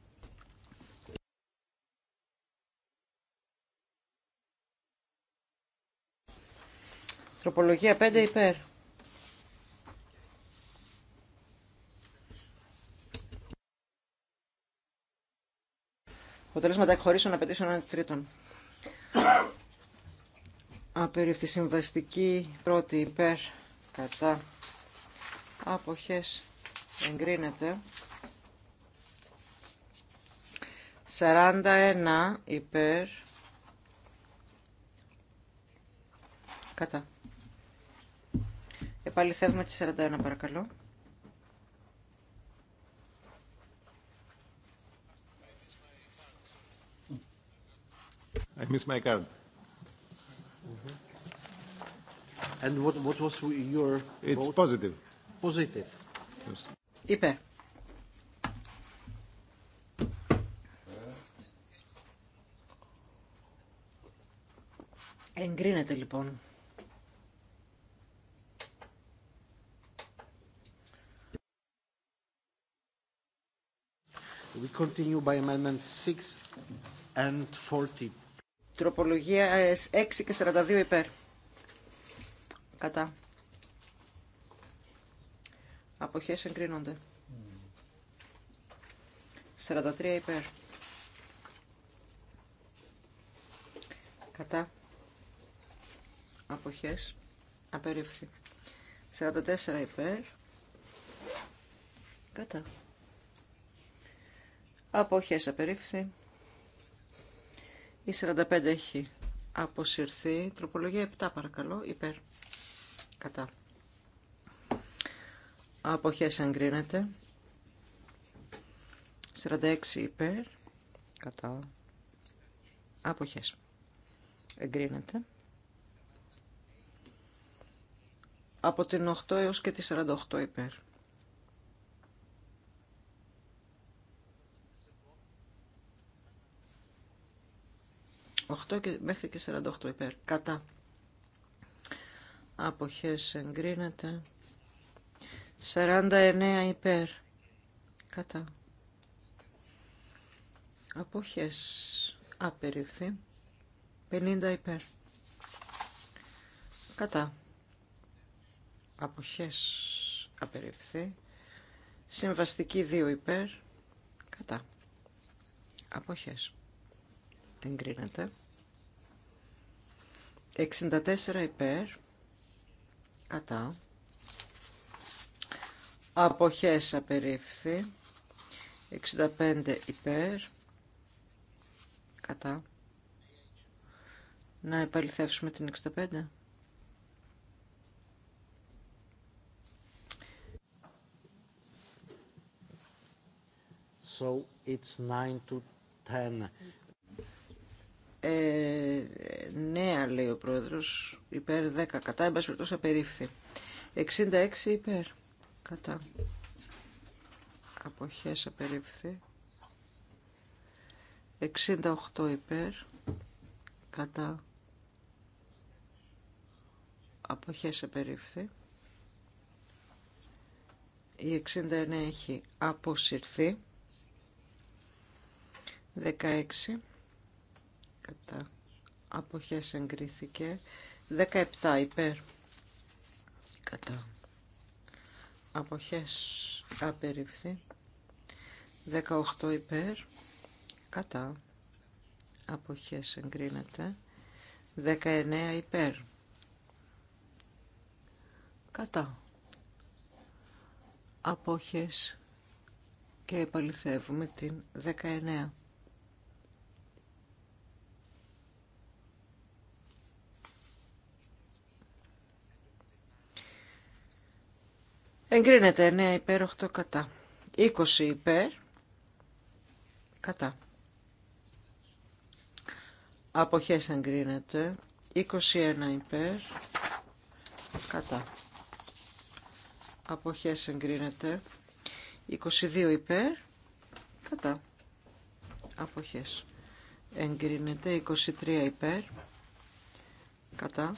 Τροπολογία 5 υπέρ. Αποτελέσματα εκχωρήσεων απαιτήσεων έναν τρίτον. Απεριευθυσυμβαστική πρώτη υπέρ κατά αποχές εγκρίνεται 41 υπέρ κατά επαληθεύουμε τη 41 παρακαλώ I miss my card. Mm -hmm. And what, what was your... It's vote? positive positive. Είπε. Εγκρίνεται λοιπόν. We continue by amendment 6 and 40. Τροπολογία 6 ε, και 42 υπέρ. Κατά. Αποχές εγκρίνονται. 43 υπέρ. Κατά. Αποχές. Απερίφθη. 44 υπέρ. Κατά. Αποχές απερίφθη. Η 45 έχει αποσυρθεί. Τροπολογία 7 παρακαλώ. Υπέρ. Κατά. Αποχές εγκρίνεται. 46 υπέρ. Κατά. Αποχές. Εγκρίνεται. Από την 8 έως και τη 48 υπέρ. και, μέχρι και 48 υπέρ. Κατά. Αποχές εγκρίνεται. 49 υπέρ. Κατά. Αποχές. Απεριφθεί. 50 υπέρ. Κατά. Αποχές. Απεριφθεί. Συμβαστική 2 υπέρ. Κατά. Αποχές. Εγκρίνεται. 64 υπέρ. Κατά αποχές απερίφθη 65 υπέρ κατά να επαληθεύσουμε την 65 So it's 9 to 10. Ε, ναι, λέει ο πρόεδρος, υπέρ 10 κατά, εν απερίφθη. 66 υπέρ κατά αποχές απερίφθη 68 υπέρ κατά αποχές απερίφθη η 69 έχει αποσυρθεί 16 κατά αποχές εγκρίθηκε 17 υπέρ κατά αποχές απερίφθη 18 υπέρ κατά αποχές εγκρίνεται 19 υπέρ κατά απόχες και επαληθεύουμε την 19 Εγκρίνεται 9 ναι, υπέρ 8 κατά. 20 υπέρ κατά. Αποχές εγκρίνεται. 21 υπέρ κατά. Αποχές εγκρίνεται. 22 υπέρ κατά. Αποχές εγκρίνεται. 23 υπέρ κατά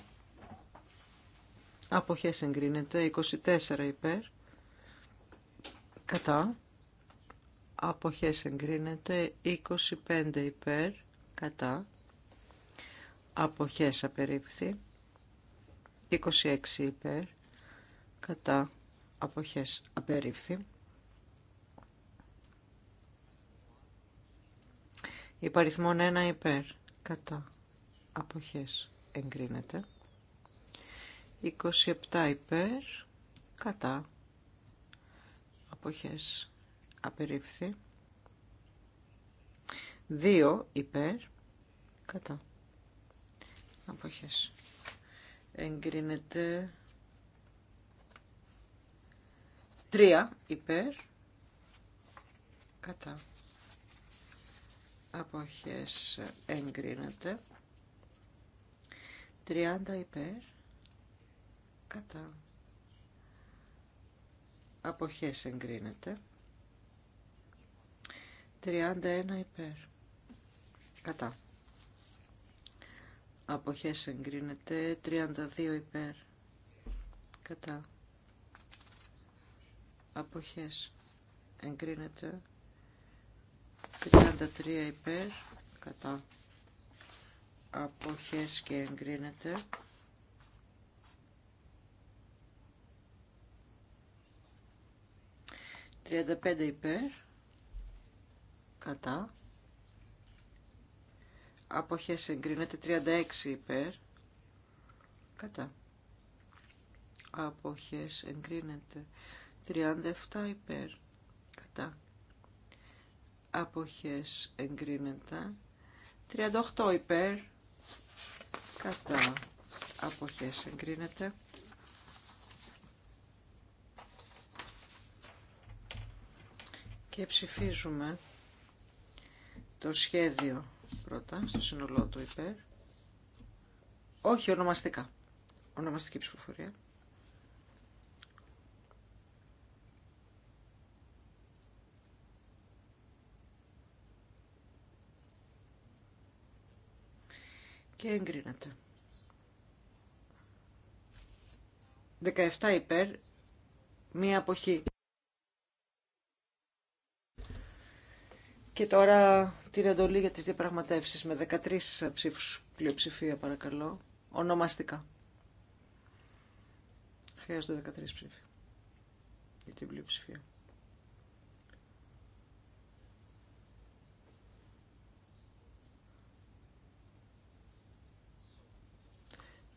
Αποχές εγκρίνεται 24 υπέρ. Κατά. Αποχές εγκρίνεται 25 υπέρ. Κατά. Αποχές απερίφθη 26 υπέρ. Κατά. Αποχές απερίφθη. Υπαριθμόν 1 υπέρ. Κατά. Αποχές εγκρίνεται. 27 υπέρ, κατά, αποχές, απερίφθη. 2 υπέρ, κατά, αποχές. Εγκρίνεται 3 υπέρ, κατά, αποχές εγκρίνεται. 30 υπέρ, κατά αποχές εγκρίνεται 31 υπέρ κατά αποχές εγκρίνεται 32 υπέρ κατά αποχές εγκρίνεται 33 υπέρ κατά αποχές και εγκρίνεται 35 υπέρ, κατά, αποχές εγκρίνεται 36 υπέρ, κατά, αποχές εγκρίνεται 37 υπέρ, κατά, αποχές εγκρίνεται 38 υπέρ, κατά, αποχές εγκρίνεται και ψηφίζουμε το σχέδιο πρώτα, στο σύνολό του υπέρ. Όχι ονομαστικά. Ονομαστική ψηφοφορία. Και εγκρίνεται. 17 υπέρ, μία αποχή. Και τώρα την εντολή για τις διαπραγματεύσεις με 13 ψήφους πλειοψηφία παρακαλώ, ονομαστικά. Χρειάζονται 13 ψήφοι για την πλειοψηφία.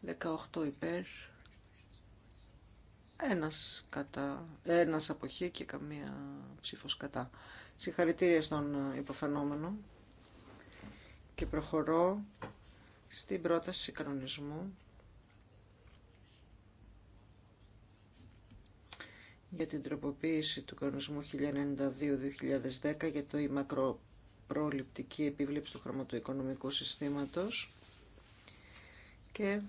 Δεκαοχτώ υπέρ, ένας, κατά, ένας αποχή και καμία ψήφος κατά. Συγχαρητήρια στον ε, υποφαινόμενο και προχωρώ στην πρόταση κανονισμού για την τροποποίηση του κανονισμού 1092-2010 για το η μακροπροληπτική επίβλεψη του χρωματοοικονομικού συστήματος και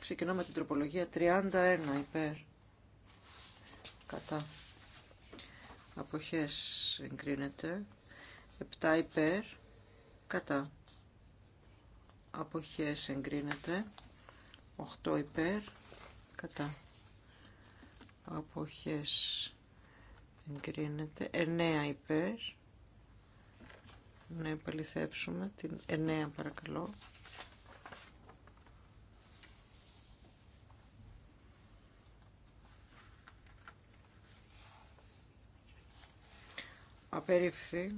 ξεκινώ με την τροπολογία 31 υπέρ κατά αποχές εγκρίνεται 7 υπέρ κατά αποχές εγκρίνεται 8 υπέρ κατά αποχές εγκρίνεται 9 υπέρ να επαληθεύσουμε την 9 παρακαλώ απερίφθη.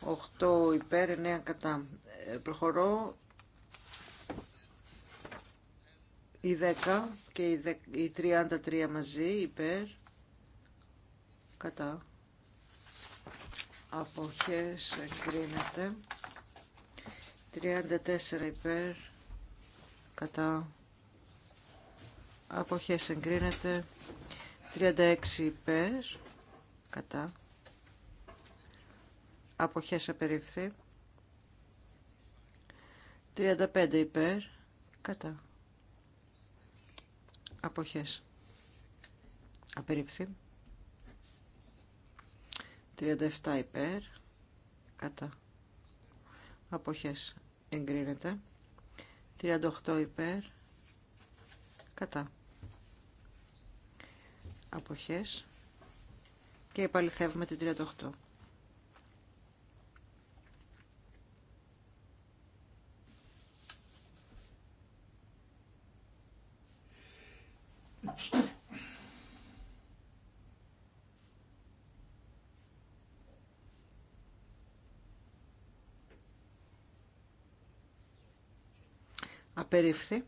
Οχτώ υπέρ, εννέα κατά. Ε, προχωρώ η δέκα και η τρία μαζί υπέρ κατά αποχές εγκρίνεται τέσσερα υπέρ κατά αποχές εγκρίνεται 36 υπέρ κατά αποχές απερίφθη 35 υπέρ κατά αποχές απερίφθη 37 υπέρ κατά αποχές εγκρίνεται 38 υπέρ κατά αποχές και επαληθεύουμε την 38. Απερίφθη.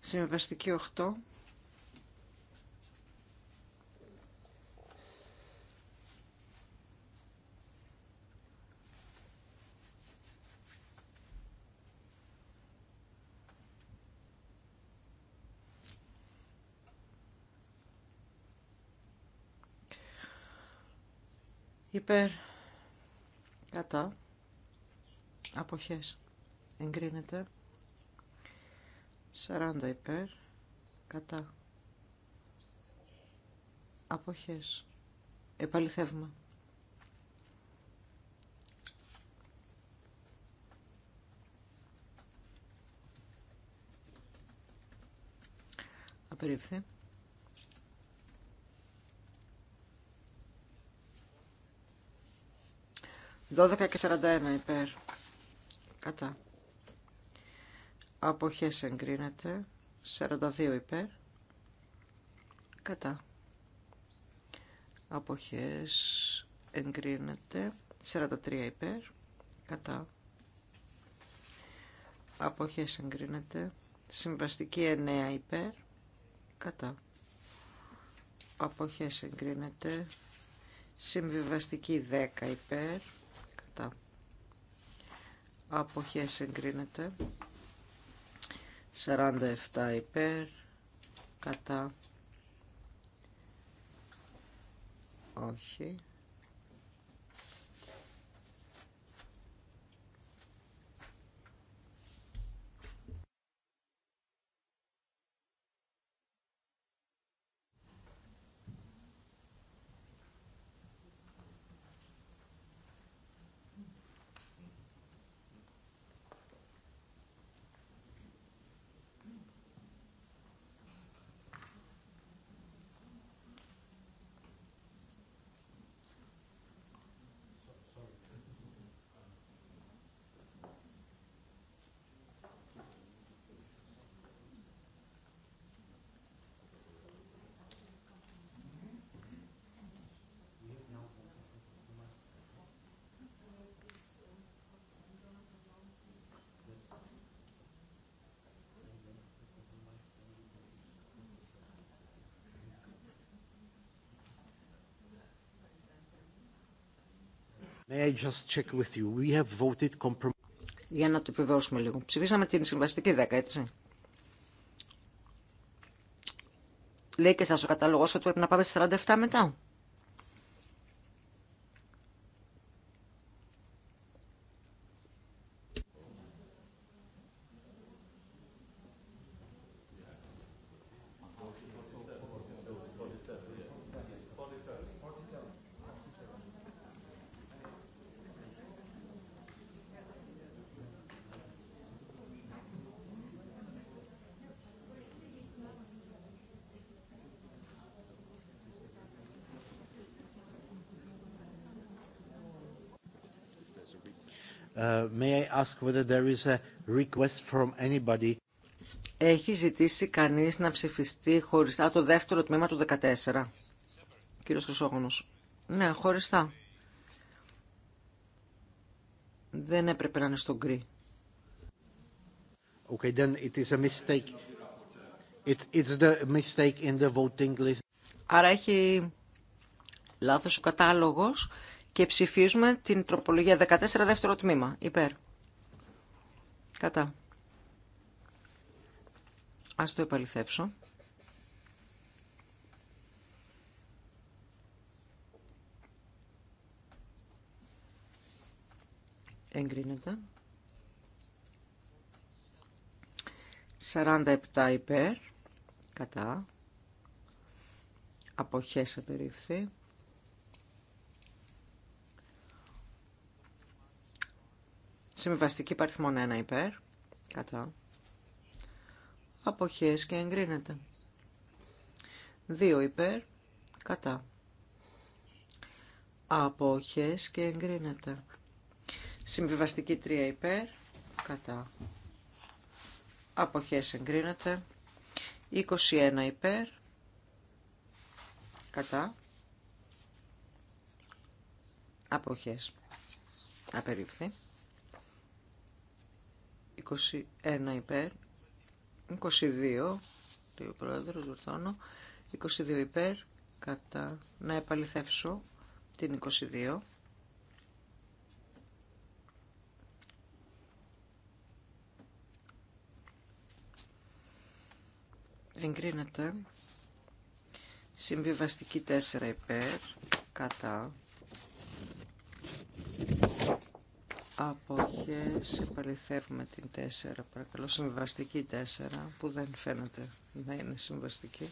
Συμβαστική 8. Υπέρ. Κατά αποχές εγκρίνεται 40 υπέρ κατά αποχές επαληθεύουμε απερίφθη 12 και 41 υπέρ Κατά. Αποχές εγκρίνεται. 42 υπέρ. Κατά. Αποχές εγκρίνεται. 43 υπέρ. Κατά. Αποχές εγκρίνεται. Συμβαστική 9 υπέρ. Κατά. Αποχές εγκρίνεται. Συμβιβαστική 10 υπέρ. Κατά αποχές εγκρίνεται 47 υπέρ κατά όχι Για να το επιβεβαιώσουμε λίγο. Ψηφίσαμε την συμβαστική 10, έτσι. Λέει και σας ο καταλογός ότι πρέπει να πάμε στις 47 μετά. Έχει ζητήσει κανείς να ψηφιστεί χωριστά το δεύτερο τμήμα του 14. Κύριος Χρυσόγονος. Ναι, χωριστά. Δεν έπρεπε να είναι στον γκρι. Okay, then it is a mistake. It, it's the mistake in the voting list. Άρα έχει λάθος ο κατάλογος και ψηφίζουμε την τροπολογία 14 δεύτερο τμήμα. Υπέρ. Κατά. Ας το επαληθεύσω. Εγκρίνεται. 47 υπέρ. Κατά. Αποχές απερίφθη. Συμβιβαστική παριθμόν 1 υπέρ. Κατά. Αποχές και εγκρίνεται. 2 υπέρ. Κατά. Αποχές και εγκρίνεται. Συμβιβαστική 3 υπέρ. Κατά. Αποχές εγκρίνεται. 21 υπέρ. Κατά. Αποχές. Απερίφθη. 21 υπέρ, 22, λέει ο πρόεδρος, 22 υπέρ, κατά, να επαληθεύσω την 22. Εγκρίνεται. Συμβιβαστική 4 υπέρ, κατά, αποχές επαληθεύουμε την 4 παρακαλώ συμβαστική 4 που δεν φαίνεται να είναι συμβαστική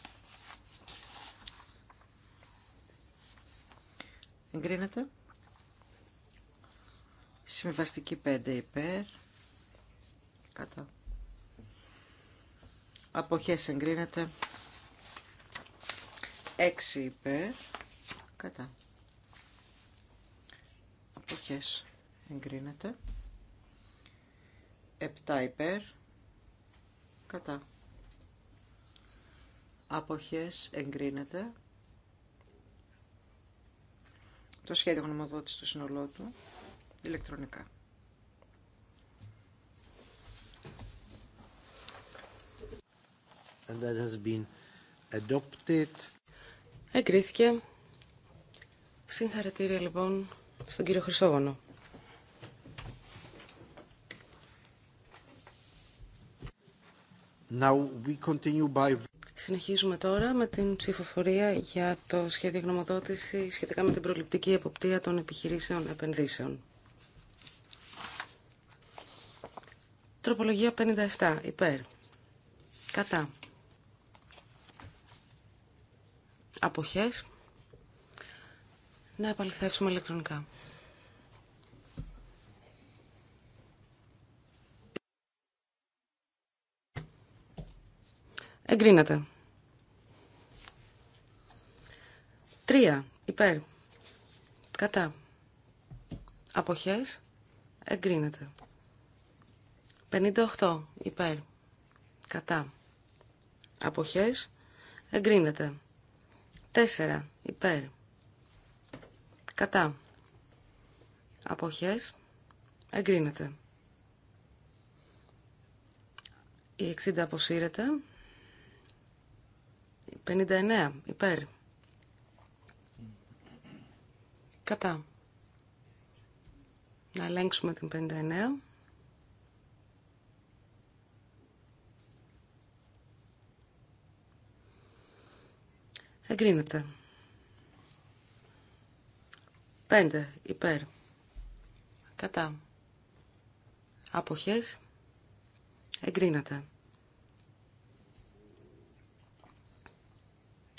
εγκρίνεται συμβαστική 5 υπέρ κατά αποχές εγκρίνεται 6 υπέρ κατά αποχές εγκρίνεται 7 υπέρ κατά αποχές εγκρίνεται το σχέδιο γνωμοδότης του συνολό του ηλεκτρονικά And that has been adopted. Εγκρίθηκε. Συγχαρητήρια λοιπόν στον κύριο Χρυσόγονο. Συνεχίζουμε τώρα με την ψηφοφορία για το σχέδιο γνωμοδότηση σχετικά με την προληπτική εποπτεία των επιχειρήσεων επενδύσεων. Τροπολογία 57. Υπέρ. Κατά. Αποχές. Να επαληθεύσουμε ηλεκτρονικά. Εγκρίνεται. 3. Υπέρ. Κατά. Αποχές. Εγκρίνεται. 58. Υπέρ. Κατά. Αποχές. Εγκρίνεται. 4. Υπέρ. Κατά. Αποχές. Εγκρίνεται. Η 60 αποσύρεται. 59 υπέρ. Κατά. Να ελέγξουμε την 59. Εγκρίνεται. 5 υπέρ. Κατά. Αποχές. Εγκρίνεται.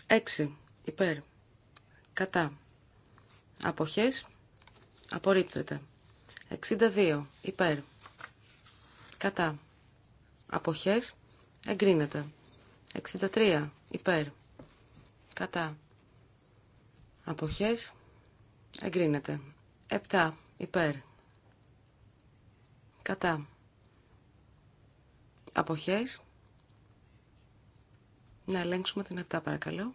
6 υπέρ κατά αποχές απορρίπτεται 62 υπέρ κατά αποχές εγκρίνεται 63 υπέρ κατά αποχές εγκρίνεται 7 υπέρ κατά αποχές να ελέγξουμε την 7 παρακαλώ.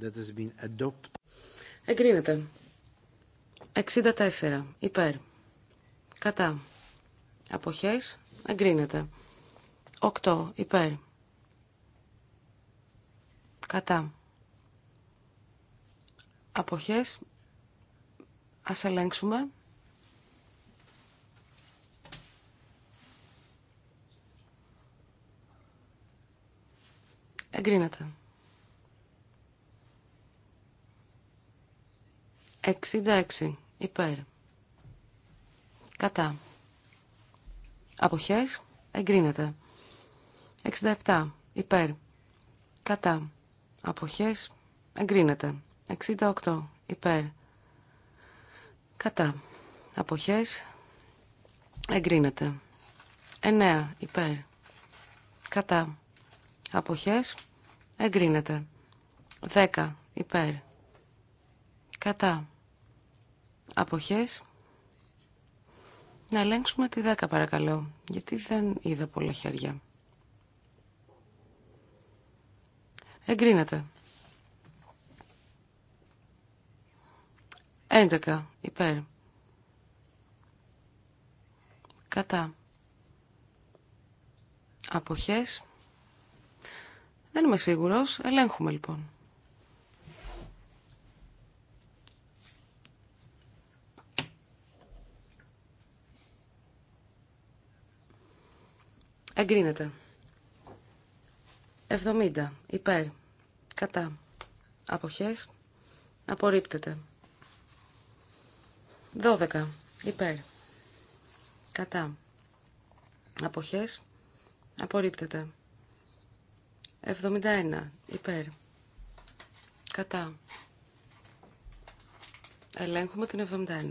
That has been adopted. Εγκρίνεται. 64. Υπέρ. Κατά. Αποχές. Εγκρίνεται. 8. Υπέρ. Κατά. Αποχές. Ας ελέγξουμε. Εγκρίνεται. 66. Υπέρ. Κατά. Αποχές. Εγκρίνεται. 67. Υπέρ. Κατά. Αποχές. Εγκρίνεται. 68. Υπέρ. Κατά. Αποχές. Εγκρίνεται. 9. Υπέρ. Κατά. Αποχές. Εγκρίνεται. 10. Υπέρ. Κατά. Αποχές. Να ελέγξουμε τη 10 παρακαλώ, γιατί δεν είδα πολλά χέρια. Εγκρίνεται. 11. Υπέρ. Κατά. Αποχές. Δεν είμαι σίγουρος. Ελέγχουμε λοιπόν. Εγκρίνεται. 70. Υπέρ. Κατά. Αποχές. Απορρίπτεται. 12. Υπέρ. Κατά. Αποχές. Απορρίπτεται. 71. Υπέρ. Κατά. Ελέγχουμε την 71.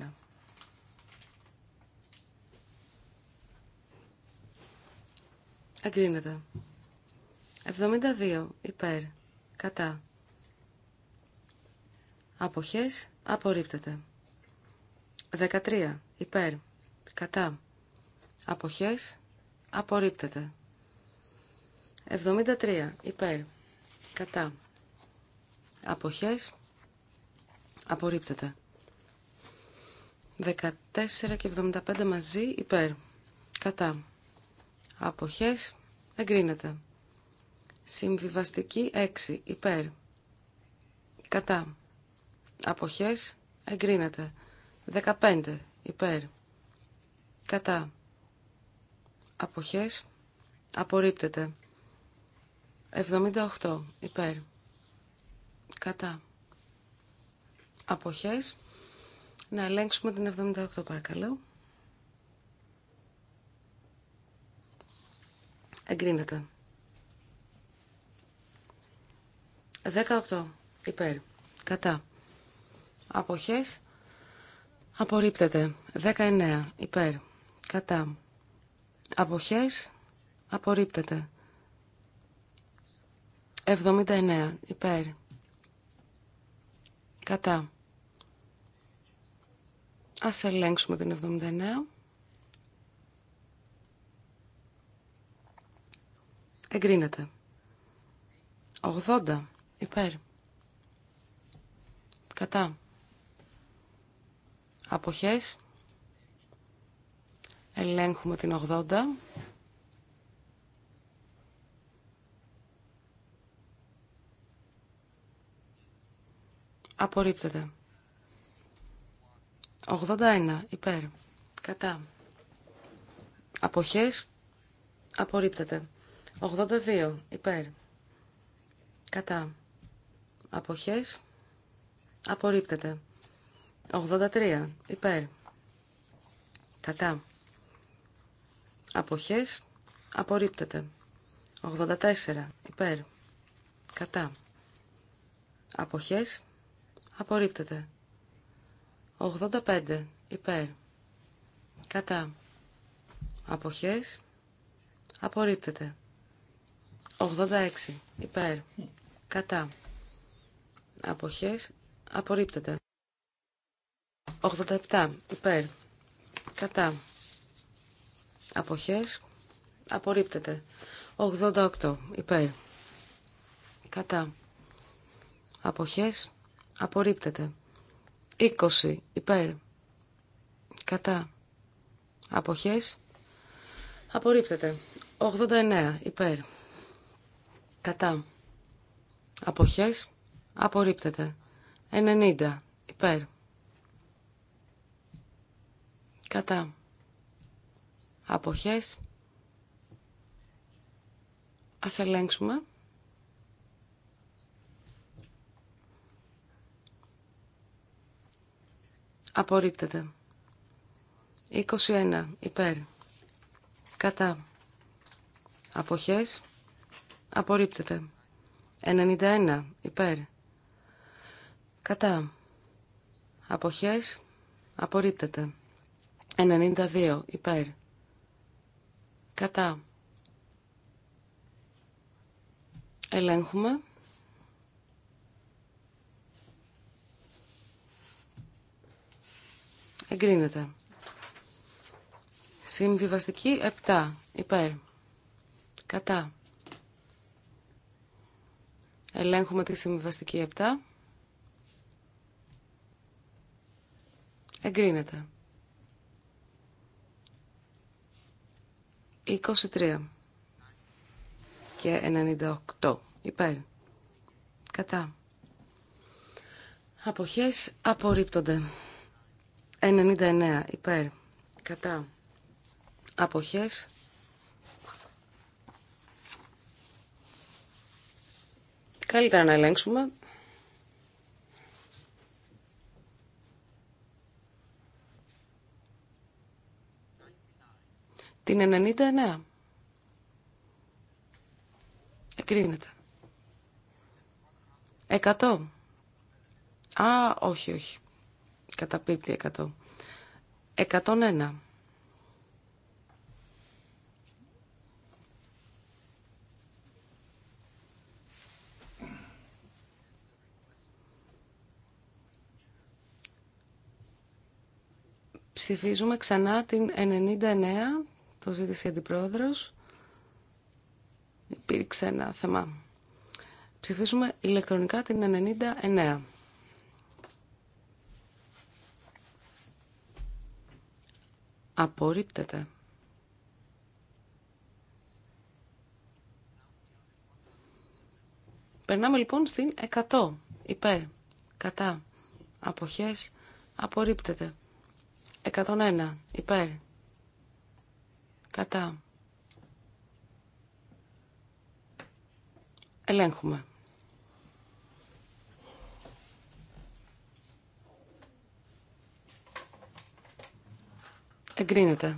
Εγκρίνεται. 72. Υπέρ. Κατά. Αποχές. Απορρίπτεται. 13. Υπέρ. Κατά. Αποχές. Απορρίπτεται. 73 υπέρ κατά αποχές απορρίπτεται 14 και 75 μαζί υπέρ κατά αποχές εγκρίνεται συμβιβαστική 6 υπέρ κατά αποχές εγκρίνεται 15 υπέρ κατά αποχές απορρίπτεται 78 υπέρ. Κατά. Αποχές. Να ελέγξουμε την 78 παρακαλώ. Εγκρίνεται. 18 υπέρ. Κατά. Αποχές. Απορρίπτεται. 19 υπέρ. Κατά. Αποχές. Απορρίπτεται. 79 υπέρ. Κατά. Ας ελέγξουμε την 79. Εγκρίνεται. 80 υπέρ. Κατά. Αποχές. Ελέγχουμε την 80. Απορρίπτεται. 81 υπέρ. Κατά. Αποχές. Απορρίπτεται. 82 υπέρ. Κατά. Αποχές. Απορρίπτεται. 83 υπέρ. Κατά. Αποχές. Απορρίπτεται. 84 υπέρ. Κατά. Αποχές. Απορρίπτεται. 85. Υπέρ. Κατά. Αποχές. Απορρίπτεται. 86. Υπέρ. Κατά. Αποχές. Απορρίπτεται. 87. Υπέρ. Κατά. Αποχές. Απορρίπτεται. 88. Υπέρ. Κατά. Αποχές. Απορρίπτεται. 20 υπέρ. Κατά. Αποχές. Απορρίπτεται. 89 υπέρ. Κατά. Αποχές. Απορρίπτεται. 90 υπέρ. Κατά. Αποχές. Ας ελέγξουμε. Απορρίπτεται. 21. Υπέρ. Κατά. Αποχές. Απορρίπτεται. 91. Υπέρ. Κατά. Αποχές. Απορρίπτεται. 92. Υπέρ. Κατά. Ελέγχουμε. Εγκρίνεται. Συμβιβαστική 7. Υπέρ. Κατά. Ελέγχουμε τη συμβιβαστική 7. Εγκρίνεται. 23 και 98 υπέρ. Κατά. Αποχές απορρίπτονται. 99 υπέρ κατά αποχές Καλύτερα να ελέγξουμε. Την 99. Εκρίνεται. 100. Α, όχι, όχι. Καταπίπτει 100. 101. Ψηφίζουμε ξανά την 99, το ζήτησε η Αντιπρόεδρος. Υπήρξε ένα θέμα. Ψηφίζουμε ηλεκτρονικά την 99. Απορρίπτεται. Περνάμε λοιπόν στην 100. Υπέρ. Κατά. Αποχές. Απορρίπτεται. 101. Υπέρ. Κατά. Ελέγχουμε. Εγκρίνεται.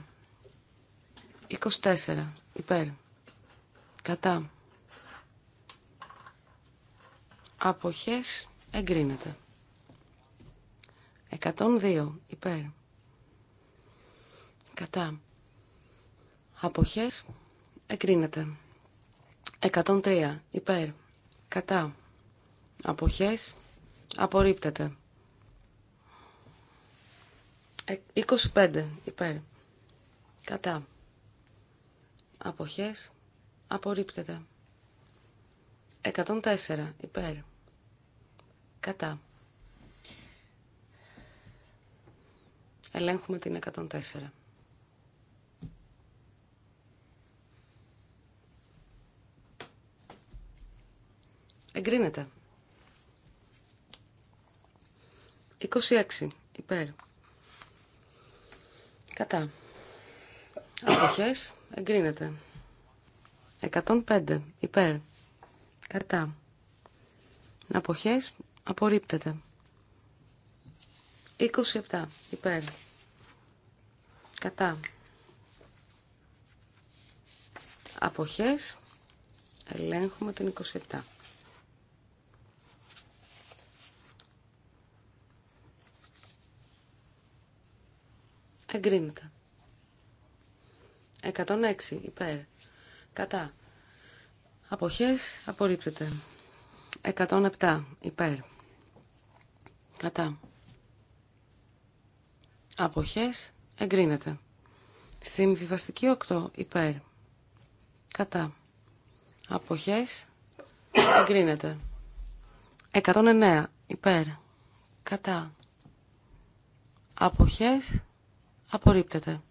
24. Υπέρ. Κατά. Αποχές. Εγκρίνεται. 102. Υπέρ. Κατά. Αποχές. Εγκρίνεται. 103. Υπέρ. Κατά. Αποχές. Απορρίπτεται. 25 υπέρ. Κατά. Αποχές. Απορρίπτεται. 104 υπέρ. Κατά. Ελέγχουμε την 104. Εγκρίνεται. 26 υπέρ. Κατά. Αποχές. Εγκρίνεται. 105. Υπέρ. Κατά. Αποχές. Απορρίπτεται. 27. Υπέρ. Κατά. Αποχές. Ελέγχουμε την 27. Εγκρίνεται. 106 υπέρ. Κατά. Αποχές απορρίπτεται. 107 υπέρ. Κατά. Αποχές εγκρίνεται. Συμβιβαστική 8 υπέρ. Κατά. Αποχές εγκρίνεται. 109 υπέρ. Κατά. Αποχές Απορρίπτεται.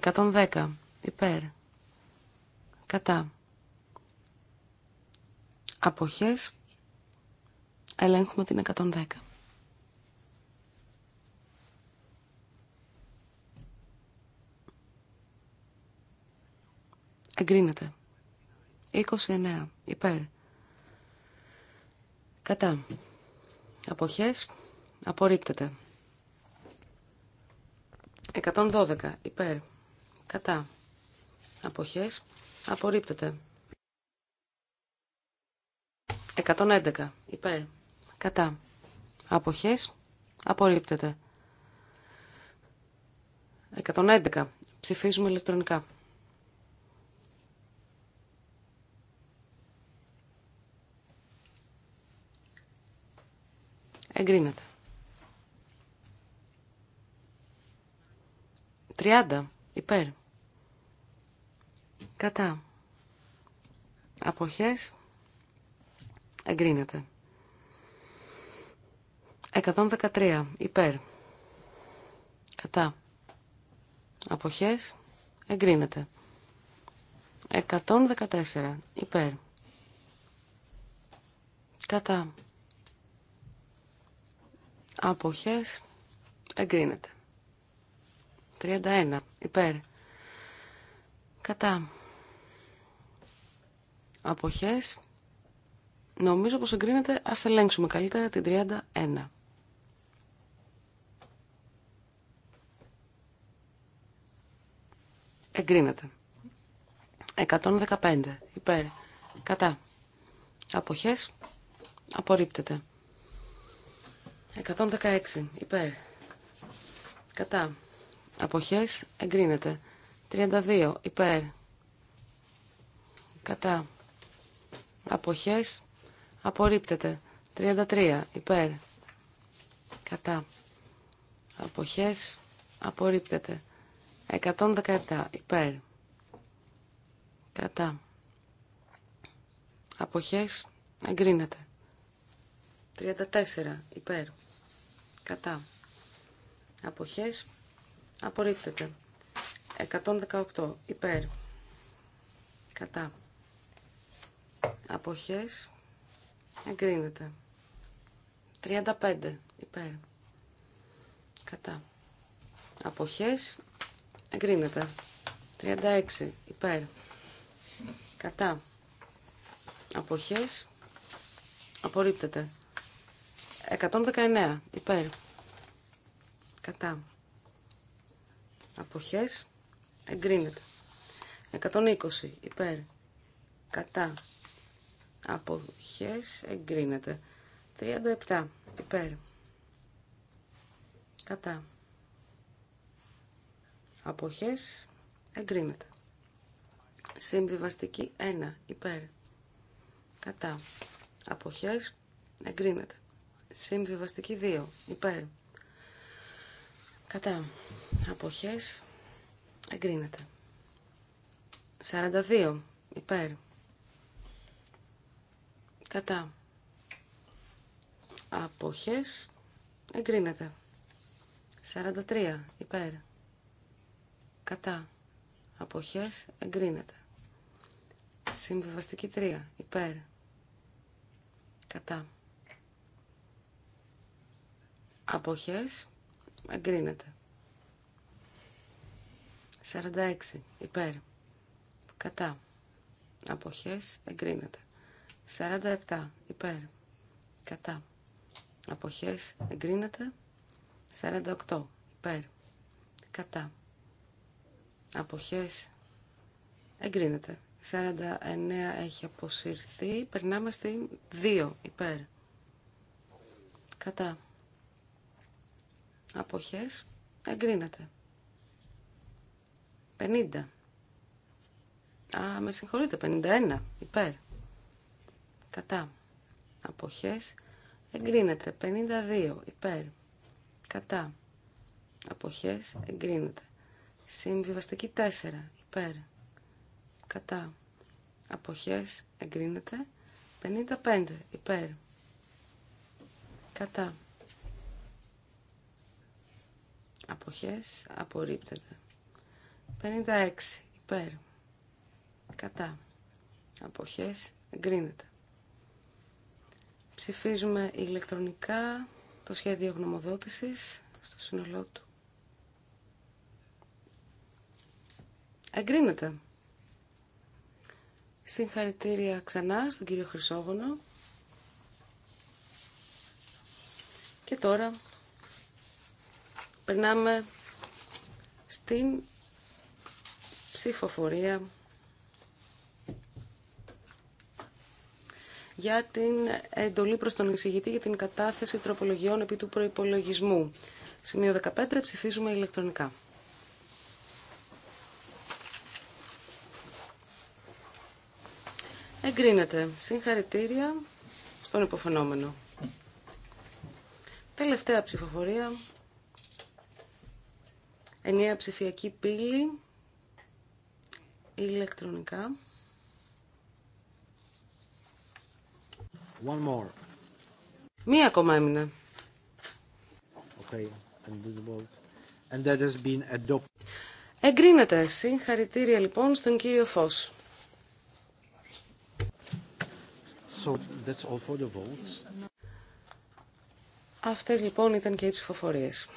110. Υπέρ. Κατά. Αποχές. Ελέγχουμε την 110. Εγκρίνεται. 29. Υπέρ. Κατά. Αποχές. Απορρίπτεται. 112 υπέρ. Κατά. Αποχές. Απορρίπτεται. 111 υπέρ. Κατά. Αποχές. Απορρίπτεται. 111. Ψηφίζουμε ηλεκτρονικά. Εγκρίνεται. 30 υπέρ. Κατά. Αποχές. Εγκρίνεται. 113 υπέρ. Κατά. Αποχές. Εγκρίνεται. 114 υπέρ. Κατά. Αποχές. Εγκρίνεται. 31 υπέρ. Κατά. Αποχές. Νομίζω πως εγκρίνεται. Ας ελέγξουμε καλύτερα την 31. Εγκρίνεται. 115 υπέρ. Κατά. Αποχές. Απορρίπτεται. 116 υπέρ. Κατά. Αποχές εγκρίνεται. 32 υπέρ. Κατά. Αποχές απορρίπτεται. 33 υπέρ. Κατά. Αποχές απορρίπτεται. 117 υπέρ. Κατά. Αποχές εγκρίνεται. 34 υπέρ. Κατά. Αποχές Απορρίπτεται. 118. Υπέρ. Κατά. Αποχές. Εγκρίνεται. 35. Υπέρ. Κατά. Αποχές. Εγκρίνεται. 36. Υπέρ. Κατά. Αποχές. Απορρίπτεται. 119. Υπέρ. Κατά αποχές εγκρίνεται. 120 υπέρ κατά αποχές εγκρίνεται. 37 υπέρ κατά αποχές εγκρίνεται. Συμβιβαστική 1 υπέρ κατά αποχές εγκρίνεται. Συμβιβαστική 2 υπέρ κατά αποχές εγκρίνεται. 42 υπέρ κατά αποχές εγκρίνεται. 43 υπέρ κατά αποχές εγκρίνεται. Συμβιβαστική 3 υπέρ κατά αποχές εγκρίνεται. 46 υπέρ. Κατά. Αποχές εγκρίνεται. 47 υπέρ. Κατά. Αποχές εγκρίνεται. 48 υπέρ. Κατά. Αποχές εγκρίνεται. 49 έχει αποσυρθεί. Περνάμε στην 2 υπέρ. Κατά. Αποχές εγκρίνεται. 50. Α, με συγχωρείτε, 51. Υπέρ. Κατά. Αποχές. Εγκρίνεται. 52. Υπέρ. Κατά. Αποχές. Εγκρίνεται. Συμβιβαστική 4. Υπέρ. Κατά. Αποχές. Εγκρίνεται. 55. Υπέρ. Κατά. Αποχές. Απορρίπτεται. 56 υπέρ. Κατά. Αποχές εγκρίνεται. Ψηφίζουμε ηλεκτρονικά το σχέδιο γνωμοδότησης στο σύνολό του. Εγκρίνεται. Συγχαρητήρια ξανά στον κύριο Χρυσόγονο. Και τώρα περνάμε στην ψηφοφορία για την εντολή προς τον εισηγητή για την κατάθεση τροπολογιών επί του προϋπολογισμού. Σημείο 15. Ψηφίζουμε ηλεκτρονικά. Εγκρίνεται. Συγχαρητήρια στον υποφαινόμενο. Τελευταία ψηφοφορία. Ενιαία ψηφιακή πύλη ηλεκτρονικά. One more. Μία ακόμα έμεινε. Okay. And that has been adopted. Εγκρίνεται. Συγχαρητήρια λοιπόν στον κύριο Φως. So that's all for the votes. Αυτές λοιπόν ήταν και οι ψηφοφορίες.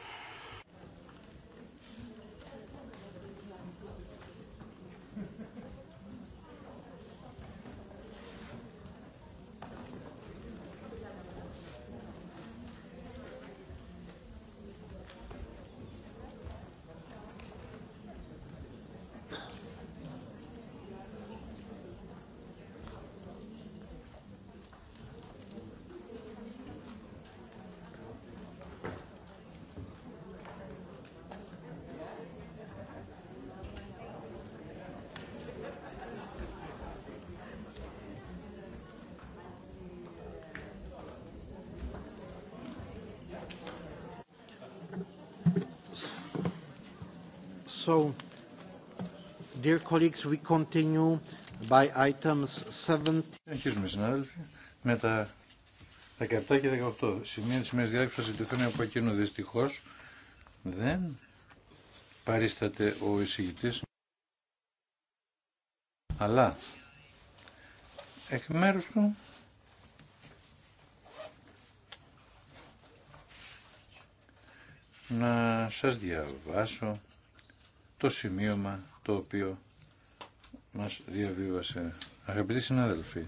So, dear colleagues, we continue by items Συνεχίζουμε, συνάδελφοι, με τα 17 και 18. Σημεία της σημείας διάρκειας θα συζητηθούν από εκείνο δυστυχώς. Δεν παρίσταται ο εισηγητής. Αλλά, εκ μέρους του, να σας διαβάσω το σημείωμα το οποίο μας διαβίβασε. Αγαπητοί συνάδελφοι,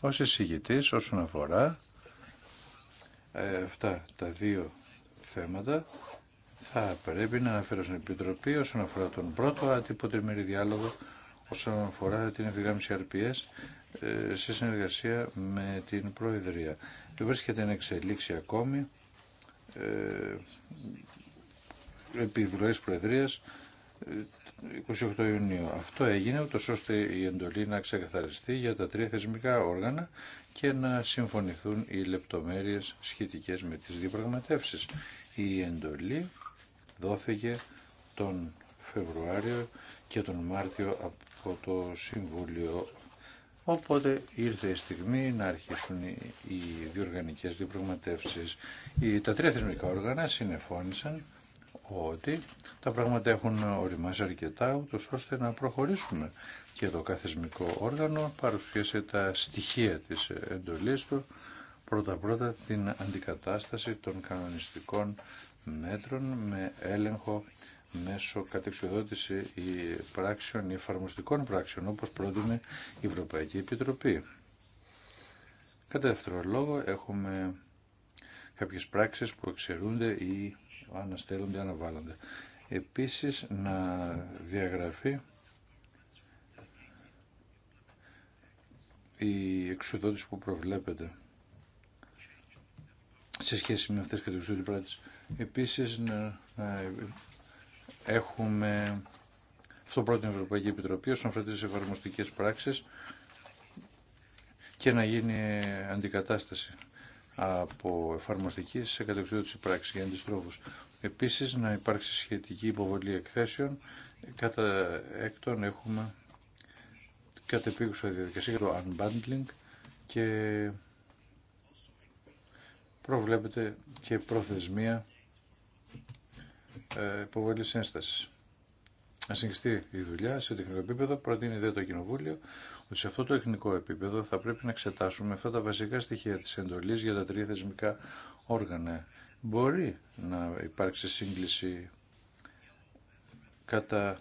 ως εισηγητής όσον αφορά ε, αυτά τα δύο θέματα θα πρέπει να αναφέρω στην Επιτροπή όσον αφορά τον πρώτο άτυπο τριμερή διάλογο όσον αφορά την ευθυγράμμιση RPS ε, σε συνεργασία με την Προεδρία. Βρίσκεται εν εξελίξη ακόμη ε, επιβουλές Προεδρίας 28 ε, Ιουνίου. Αυτό έγινε ούτως ώστε η εντολή να ξεκαθαριστεί για τα τρία θεσμικά όργανα και να συμφωνηθούν οι λεπτομέρειες σχετικές με τις διαπραγματεύσει. Η εντολή δόθηκε τον Φεβρουάριο και τον Μάρτιο από το Συμβούλιο. Οπότε ήρθε η στιγμή να αρχίσουν οι διοργανικές διπραγματεύσεις. Τα τρία θεσμικά όργανα συνεφώνησαν ότι τα πράγματα έχουν οριμάσει αρκετά ούτως ώστε να προχωρήσουμε και το καθεσμικό όργανο παρουσίασε τα στοιχεία της εντολής του πρώτα-πρώτα την αντικατάσταση των κανονιστικών μέτρων με έλεγχο μέσω κατεξοδότηση ή πράξεων ή εφαρμοστικών πράξεων όπως πρότεινε η Ευρωπαϊκή Επιτροπή. Κατά δεύτερο λόγο έχουμε κάποιες πράξεις που εξαιρούνται ή αναστέλλονται, αναβάλλονται. Επίσης να διαγραφεί η εξουδότηση που προβλέπεται σε σχέση με αυτές τις κατηγορίες πράξεις. Επίσης να, να έχουμε αυτό το Ευρωπαϊκή Επιτροπή όσον αφορά τις εφαρμοστικές πράξεις και να γίνει αντικατάσταση από εφαρμοστική σε κατεξοδότηση πράξη για αντιστρόφους. Επίσης να υπάρξει σχετική υποβολή εκθέσεων. Κατά έκτον έχουμε κατεπίγουσα διαδικασία το unbundling και προβλέπεται και προθεσμία ε, υποβολή ένσταση. Να συγχυστεί η δουλειά σε τεχνικό επίπεδο, προτείνει δε το Κοινοβούλιο ότι σε αυτό το τεχνικό επίπεδο θα πρέπει να εξετάσουμε αυτά τα βασικά στοιχεία της εντολής για τα τρία θεσμικά όργανα. Μπορεί να υπάρξει σύγκληση κατά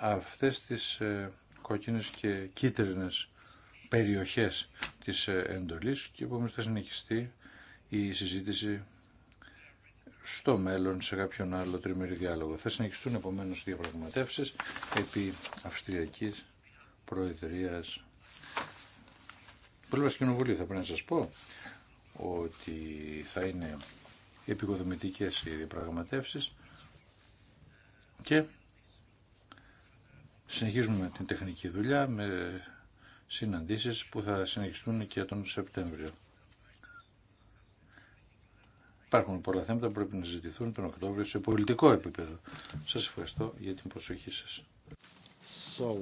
αυτές τις ε, κόκκινες και κίτρινες περιοχές της ε, εντολής και επομένως θα συνεχιστεί η συζήτηση στο μέλλον σε κάποιον άλλο τριμερή διάλογο. Θα συνεχιστούν επομένως διαπραγματεύσεις επί Αυστριακής Προεδρίας Πρόεδρος Κοινοβουλίου θα πρέπει να σας πω ότι θα είναι επικοδομητικές οι διαπραγματεύσεις και συνεχίζουμε την τεχνική δουλειά με συναντήσεις που θα συνεχιστούν και τον Σεπτέμβριο. Υπάρχουν πολλά θέματα που πρέπει να συζητηθούν τον Οκτώβριο σε πολιτικό επίπεδο. Σας ευχαριστώ για την προσοχή σας. So...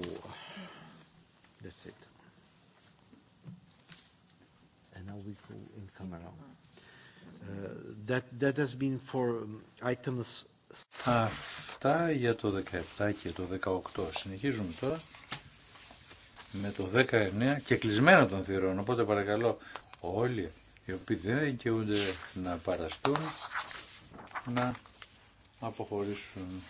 Αυτά για το 17 και το 18. Συνεχίζουμε τώρα με το 19 και κλεισμένα των θηρών. Οπότε παρακαλώ όλοι οι οποίοι δεν δικαιούνται να παραστούν να αποχωρήσουν.